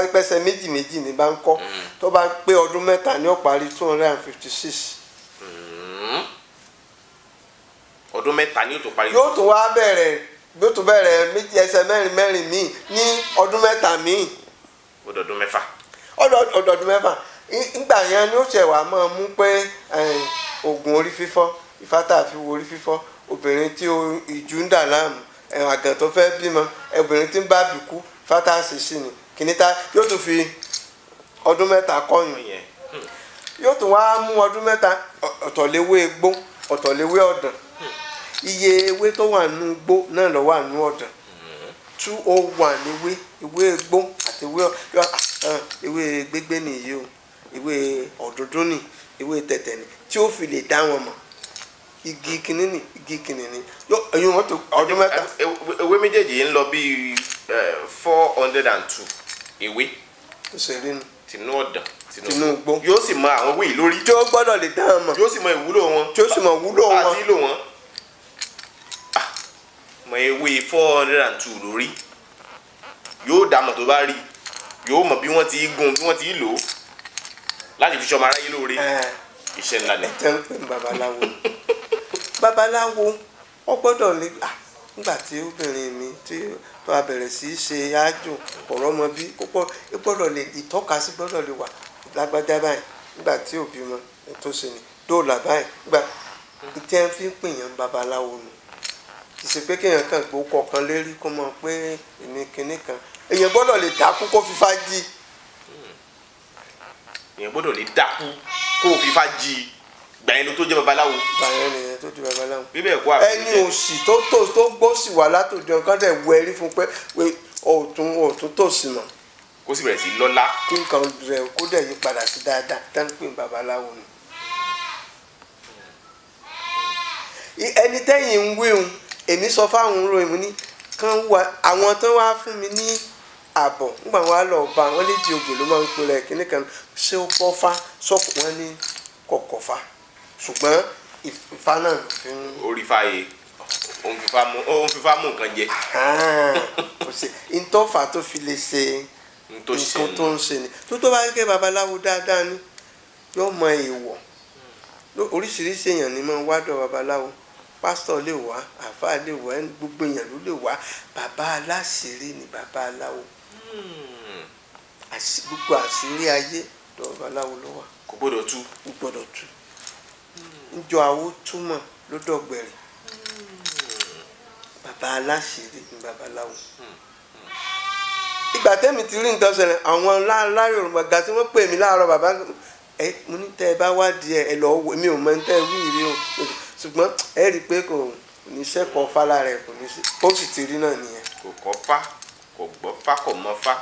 bá and fifty six. Hmm. ọdún mẹ́ta ni yóò tó parí. yóò tó wá bẹ̀rẹ̀ yóò tún bẹ̀rẹ̀ méjì ẹsẹ̀ mẹ́rin mẹ́rin míì ní ọdún mẹ́ta míì. ọdọọdún mẹ́fà. ọdọọdún mẹ́fà yẹn ni ó ṣẹ̀ mú pé oògùn orí fífọ́ ìfátà fi orí fífọ́ obìnrin tí ìjú ń dà láàmú àgàn tó fẹ́ bímọ fi ọdún mẹ́ta kọ́yìn hmm. yóò tún wá mú ọdún mẹ́ta ọ̀tọ̀léwé iye ewé tó wà nù gbó náà lọ wà nù ọ̀dàn two oh one ewé ewé gbó àti ewé ah, ewé gbégbé nìyí o ewé òdòdó ni ewé tẹ̀tẹ̀ ni tí ó fi lè dá wọn mọ̀ igi kìíní ni igi kìíní ni ẹyin wọn tó ọdún mẹ́ta. ewé méjèèjì ń lọ bíi four hundred and two ewé. ó ṣe rí nu. tinú ọ̀dàn tinúgbó yóò sì mọ àwọn ewé yìí lórí. tí ó gbọ́dọ̀ lè dá wọn mọ̀. yóò sì mọ ìwúlò wọn. tí ó sì mọ ìwúlò wọn. àti ìlò wọn mọ ewé four hundred and two lórí yóò dàmọ̀ tó bá rí yóò mọ̀ bí wọ́n ti gún bí wọ́n ti lò ó láti fi ṣọmọ aráyé lóore iṣẹ́ ńlá ni. ẹ ń pè ní babaláwo babaláwo ó gbọ́dọ̀ lè gbà nígbà tí obìnrin mi tí tó a bẹ̀rẹ̀ sí í ṣe ájò ọ̀rọ̀ ọmọ bí ó gbọ́dọ̀ lè ìtọ́kasí gbọ́dọ̀ lè wà lágbájá báyìí nígbà tí òbí mọ tó ṣe ni dóòlà báyìí nígbà tí ẹ fi ń pèèyàn babaláwo nù kì í ṣe pé kéèyàn kàn pé ó kọkan lérí kó mọ̀ pé èmi kinní kan èèyàn gbọ́dọ̀ lè dákú kó fi fájì. èèyàn gbọ́dọ̀ lè dákú kó fi fájì gbàyẹn ló tó jẹ́ babaláwo. gbàyẹn nìyẹn tó jẹ́ babaláwo. bíbẹ̀ kó àbí. ẹni òsì tó tó tó gbósì wà látòjọ nǹkan tẹ̀ wọ ẹrí fún pé òtún òtún tòsí mọ̀. kó sì bẹ̀rẹ̀ sí lọ́lá. kí nǹkan rẹ̀ kó dẹ̀ yí padà sí dáadáa tán pé babaláwo ni. ẹni tẹ́yìn ń wíhun èmi sọ fáwọn ro èmi ní kán wá àwọn tán wá fún mi ní àbọ̀ nígbà wọn á lọ bá wọn lè di ògbè ló máa ń pinnu ẹ̀ kíní kan ṣé ó pọ́ fa sọ́kù wọn ní kọ̀kọ̀ fa ṣùgbọ́n ìfa náà fi ń. orí fàyè òun fífa mú nǹkan jẹ. ntọ́fà tó fi lè ṣe nǹkan tó ń ṣe ni tó tó bá gẹ́gẹ́ babaláwo dáadáa ni yóò mọ èèwọ̀ oríṣiríṣi èèyàn ni máa ń wádọ̀ babaláwo pásítọ̀ lè wá àfáà lè wá gbogbo èèyàn ló lè wá bàbá aláṣìírí ni bàbá aláwo hmm. gbogbo àṣírí ayé lọ́wọ́ aláwo ló wà. kò gbọ́dọ̀ tú. kò gbọ́dọ̀ tú. njọ àwo túmọ̀ ló dọ̀gbẹ̀rẹ̀ hmm. bàbá aláṣìírí ni bàbá aláwo. Hmm. ìgbà tẹ́mi ti rí nǹkan ṣẹlẹ̀ àwọn láàárọ̀ Yorùbá gà tí wọ́n pè mí láàárọ̀ bàbá ẹ mo ní tẹ́ ẹ bá wá di ẹ ẹ mi ò mọ ní tẹ́ ẹ wí ìrí o ṣùgbọ́n ẹ rí i pé kò níṣẹ́ kan fá lára ẹ̀ kò ní sí ó sì ti rí náà nìyẹn. kò kọ́ fá kò gbọ́ fá kò mọ fá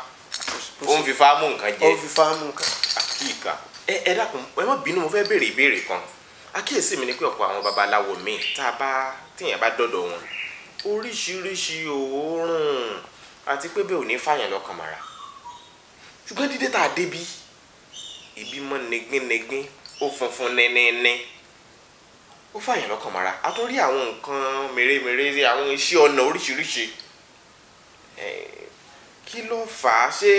ó ń fi fá mú nǹkan jẹ ó ń fi fá mú nǹkan. àti ìka ẹ ẹ dákun ẹ má bínú mo fẹ́ béèrè ìbéèrè kan àkíyèsí mi ni pé ọ̀pọ̀ àwọn babaláwo mi tá a bá tíyẹn bá dọ̀dọ̀ wọn oríṣiríṣi òórùn àti pé bẹ́ẹ̀ ò ní fàyàn lọ́kàn mọ́ra ṣùgbọ́n dídé tá a débi ìbímọ negínegín ó funfun nẹ́nẹ́nẹ́ ó fàyàn lọ́kàn mọ́ra a tún rí àwọn nǹkan mèremère àwọn iṣẹ́ ọnà oríṣiríṣi kí ló fà á ṣé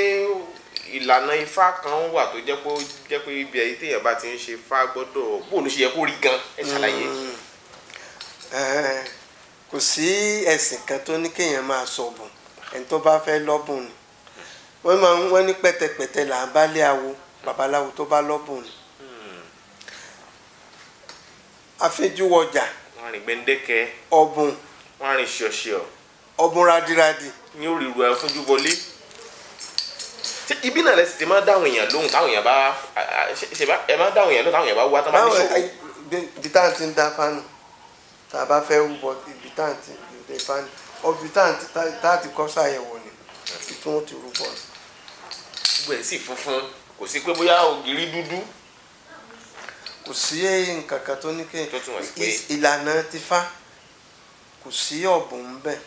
ìlànà ifá kan wà tó jẹ́ pé jẹ́ pé ibi ẹ̀yìn téèyàn bá ti ń ṣe ifá gbọ́dọ̀ bóòlù ṣe yẹ kó rí gan ẹ ṣàlàyé. Hmm. kò sí ẹ̀sìn kan tó ní kéèyàn máa sọ̀bùn ẹni tó bá fẹ́ lọ́bùn ni wọ́n ní pẹ̀tẹ̀pẹ̀tẹ̀ là ń bá lé awo babaláwo tó bá lọ́bùn ni àfẹjúwọjà. wọ́n rìn gbẹ̀ndẹ́kẹ́. ọ̀bùn. wọ́n rìn ṣọ̀ṣọ̀. ọ̀bùn radiradi. ní òrìrù àfúnjú wọlé. ibi náà lẹ́sìn ti máa dáhùn èèyàn lóhùn táwọn èèyàn bá ṣe bá ẹ máa dáhùn èèyàn lóhùn táwọn èèyàn bá wá tán máa ní ṣòro. ibi tá à ń ti ń da fánù tá a bá fẹ́ wúbọ ibi tá à ń ti da fánù ọbí tá à ń ti kọ́ sàyẹ̀wò ni ibi tí wọ́n ti rúbọ. gbogbo ẹ̀ sì funfun kò sí pé bóyá ògiri dúdú kò sí nǹkan kan tó ní kí ìlànà ti fa kò sí ọ̀bùn bẹ́ẹ̀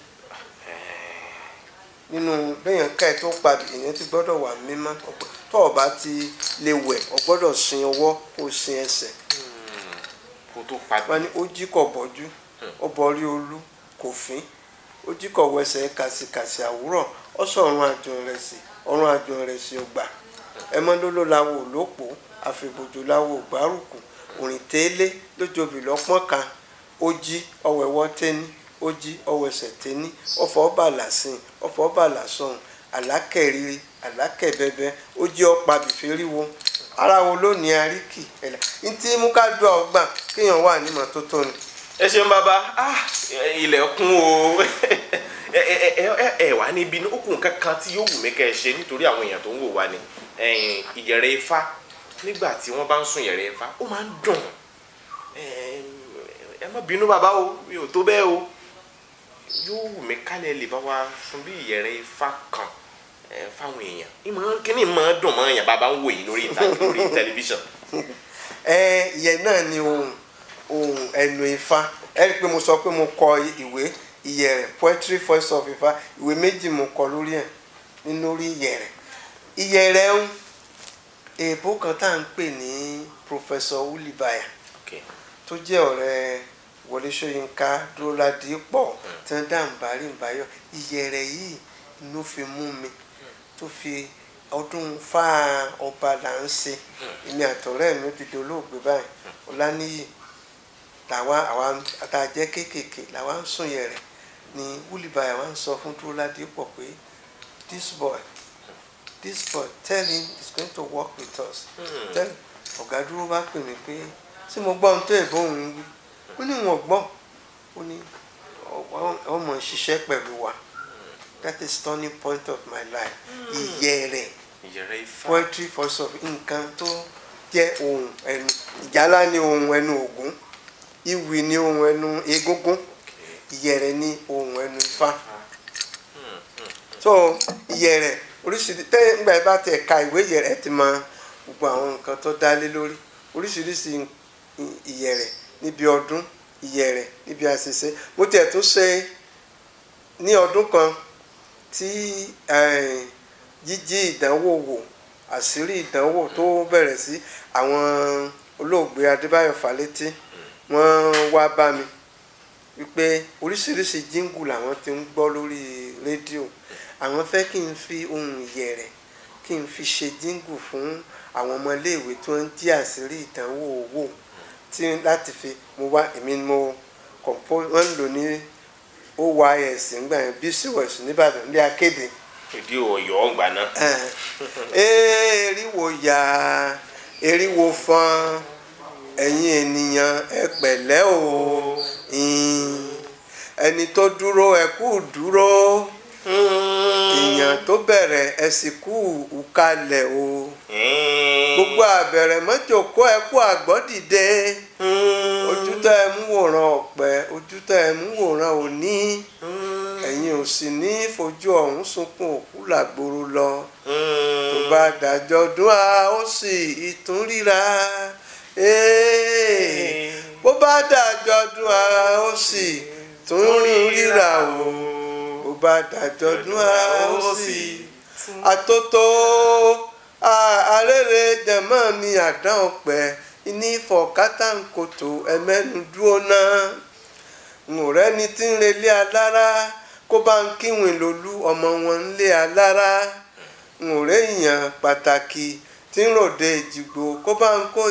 nínú béèyàn ká ẹ tó padì èèyàn ti gbọ́dọ̀ wà mímọ́ tó o bá ti lè wẹ̀ o gbọ́dọ̀ sin ọwọ́ kó o sin ẹsẹ̀ hmm. kó tó padì wọ́n ní ó jí kọ̀ bọ́jú hmm. ó bọ́rí olú kò fín ó jí kọ̀ wẹsẹ̀ kàsìkàsì àwúrọ̀ ó sọ ọ̀run rẹ̀ sí ọ̀run àjò rẹ̀ sí ọgbà hmm. ẹ mọ́ ló ló la wò lópòó àfìbòjòláwo gbárùkù òrìn tẹ́lẹ̀ lójoobi lọ́pọ́n kan ó jí ọwọ́ ẹ̀wọ́ tẹ́ni ó jí ọwọ́ ẹsẹ̀ tẹ́ni ọfọ̀ ọba làsìn ọfọ̀ ọba làsọ̀hún àlákẹ̀riri àlákẹ̀bẹ̀bẹ̀ ó jí ọ̀pá bìfẹ́ríwo ara wo lónìí àríkì ẹ̀là ntí mú ká gbọ́ ọgbà kéèyàn wà ní mọ́tótó ni. ẹ ṣeun bàbá ah, ilẹ̀kùn o ẹ wà níbi okùn kankan tí yóò wù mí kẹ́ ẹ ṣe nítorí àwọn èèyàn tó ń wò wá ni ìjẹ̀rẹ̀ ifá nígbà tí wọ́n bá ń sùn yẹ̀rẹ̀ ifá ó máa ń dùn ẹ má bínú bàbá o mi ò tó bẹ́ẹ̀ o yóò wù mí kálẹ̀ lè bá wa fún bí ìyẹ̀rẹ̀ ifá kan fáwọn èèyàn kíní máa dùn mọ́ èèyàn bàbá ń wò yìí lórí (laughs) tẹlifíṣàn. ẹ ìyẹn náà ni ohun ohun ẹnu ifá ẹ rí i pé mo sọ pé mo kọ ìwé ìyẹ̀rẹ̀ poetry voice of ifá ìwé méjì mo kọ lórí ẹ̀ nínú orí ìyẹ̀rẹ̀ ìyẹ̀rẹ̀ ń èèbó kan tá à ń pè ní Professor Wilibaya tó jẹ́ ọ̀rẹ́ Wọlé Ṣóyínká Dúróládìpọ̀ hmm. tí wọ́n dá nbàrí nbàyọ̀ ìyẹ̀rẹ̀ yìí ló fi mú mi tó fi ọdún fáà ọba là ń ṣe hmm. èmi àtọ̀rẹ́ mi ti dolóògbé báyìí hmm. Ọláníyì làwa àwa àtàjẹ́ kéékèèké làwa ń sùn yẹ̀rẹ̀ ni Wilibaya wa ń sọ fún Dúróládìpọ̀ pé this boy this boy tell him he's going to work with us hmm. tell ọ̀gá dúró bá pè mí pé tí mo gbọ́ ohun tó èbó òun wí ó ní wọn gbọ́ ó ní ọmọ ṣiṣẹ́ pẹ̀lú wa hmm. that is turning point of my life hmm. ìyẹ́ rẹ̀ poetry first of nǹkan tó jẹ́ ohun ẹnu ìjálá ni ohun ẹnu ògún ìwì ni ohun ẹnu egúngún ìyẹ̀rẹ̀ ni ohun ẹnu ifá hmm, so ìyẹ̀rẹ̀ oríṣiríṣi tẹ́ ńgbà ẹ bá tẹ̀ ka ìwé yẹrẹ ẹ ti mọ gbogbo àwọn nǹkan tó dá lé lórí oríṣiríṣi ìyẹrẹ níbi ọdún ìyẹrẹ níbi àṣìṣe mo tiẹ̀ tún ṣe ní ọdún kan tí eh, jíjí ìdánwò wò àṣírí ìdánwò tó bẹ̀rẹ̀ sí àwọn olóògbé Adébáyọ̀ Fálétí wọ́n wá bá mi wípé oríṣiríṣi jíngù làwọn ti ń gbọ́ lórí rédíò àwọn fẹ́ kí n fi ohun yẹ̀rẹ̀ kí n fi ṣe díngù fún àwọn ọmọléèwé tó ń dí àṣírí ìdánwò owó tí láti fi mo wá èmi mo kọ̀ǹpó wọ́n lò ní oys ńgbà yẹn bcos nìbàdàn ní akéde. ìdí ọyọ ọgbà náà. eriwo ya eriwo fan ẹ̀yin ènìyàn ẹ pẹ̀lẹ́ o ẹni tó dúró ẹ kú dúró. Mm. yẹn. tó bẹ̀rẹ̀ ẹ̀sìnkú ìkalẹ̀ o. Hmm. gbogbo àbẹ̀rẹ̀ mọ́jòkó ẹ kú àgbọ́dìde. Hmm. ojútọ́ ẹ mú wòran ọ̀pẹ ojútọ́ ẹ mú wòran òní. Hmm. ẹ̀yin ò sì ní fojú ọ̀hún sunkún òkú lọ. tó bá a ó sì ríra bó bá dàjọ́ a ó sì tún o. òbàdàjọ̀dún àwòsì àtótó àrèrè dẹ̀mọ́ mi àdán ọ̀pẹ ní fọ̀kátà ẹ̀mẹ́nu dúró náà ǹrẹ́ ni tí ń relé alára kó bá ń kíwìn lólú ọmọ wọn ń lé alára ǹrẹ́ èèyàn pàtàkì tí ń ròde ìjìgbò kó bá ń kó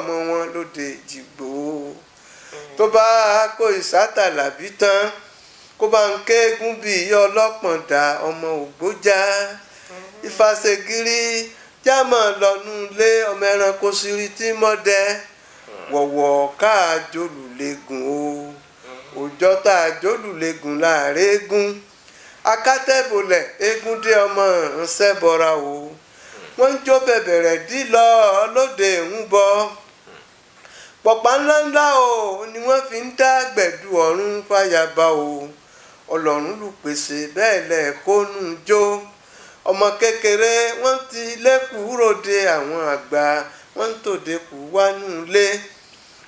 ọmọ wọn lóde ìjìgbò mm. tó bá kó ìsáàtà làbí tán. kó bá ń ké bí ọmọ ògbójá ìfàṣègìrì jámọ̀ lọ́nú lé ọmọ ẹranko sírí tí mọ́dẹ wọ̀wọ̀ káàjólùlégùn o òjọ́ tá a láàrin eégún eégún dé ọmọ o wọ́n ń jó bẹ̀bẹ̀rẹ̀ dí lọ lóde ń bọ́ pọ̀pá ńláńlá o ni fi ń dá ọ̀run o. ọlọ́run lù pèsè bẹ́ẹ̀ lẹ̀ kónú jó ọmọ kékeré wọ́n ti lẹ́kùú ròde àwọn àgbà wọ́n ń tòde kù wánú lé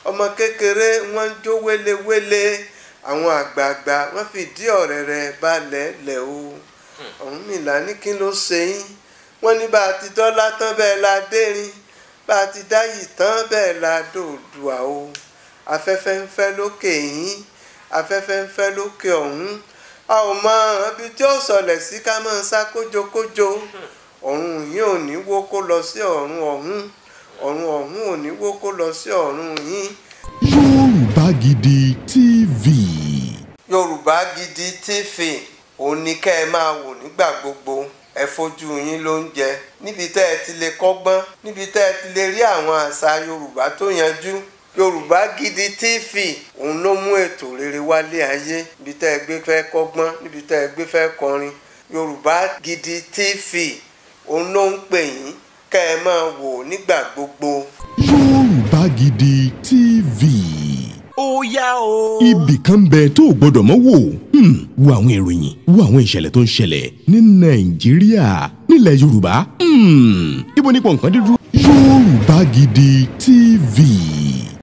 ọmọ kékeré wọ́n ń jó wélewéle àwọn àgbààgbà wọ́n fìdí ọ̀rẹ́ rẹ̀ balẹ̀ lẹ̀ o Ọ̀rúnmìlà ní kí ló ṣe yín wọ́n ní bá a ti dọ́lá tán bẹ́ẹ̀ la dérin bá a ti dáyì tán bẹ́ẹ̀ la dòdùà o afẹ́fẹ́ ń fẹ́ lókè yín afẹ́fẹ́ ń fẹ́ lókè ọ̀hún a ò mọ ibi tí ó sọlẹ̀ sí ká máa sá kójokójo ọ̀run yìí ò ní wó kó lọ sí ọ̀run ọ̀hún ọ̀run ọ̀hún ò ní wó kó lọ sí ọ̀run yìí. Yorùbá Gidi TV. Yorùbá Gidi TV òun ni kẹ́ ẹ máa wò nígbà gbogbo ẹ fojú yín ló ń jẹ níbi tẹ́ ẹ ti lè kọ́gbọ́n níbi tẹ́ ẹ ti lè rí àwọn àṣà Yorùbá tó yanjú yorùbá gidi tv òun ló mú ètò rere wálé ayé ibi tá ẹ gbé fẹ́ kọ́gbọ́n níbi tá ẹ gbé fẹ́ kọrin yorùbá gidi tv òun ló ń pè yín kẹ́ ẹ máa wò nígbà gbogbo. yorùbá gidi tv. ó yá o. ibì kan bẹ tó o gbọ́dọ̀ mọ̀ wò hmm, wo àwọn ìròyìn wo àwọn ìṣẹ̀lẹ̀ tó ń ṣẹlẹ̀ ní nàìjíríà nílẹ̀ yorùbá hmm, ibo nípa nǹkan dídú. yorùbá gidi tv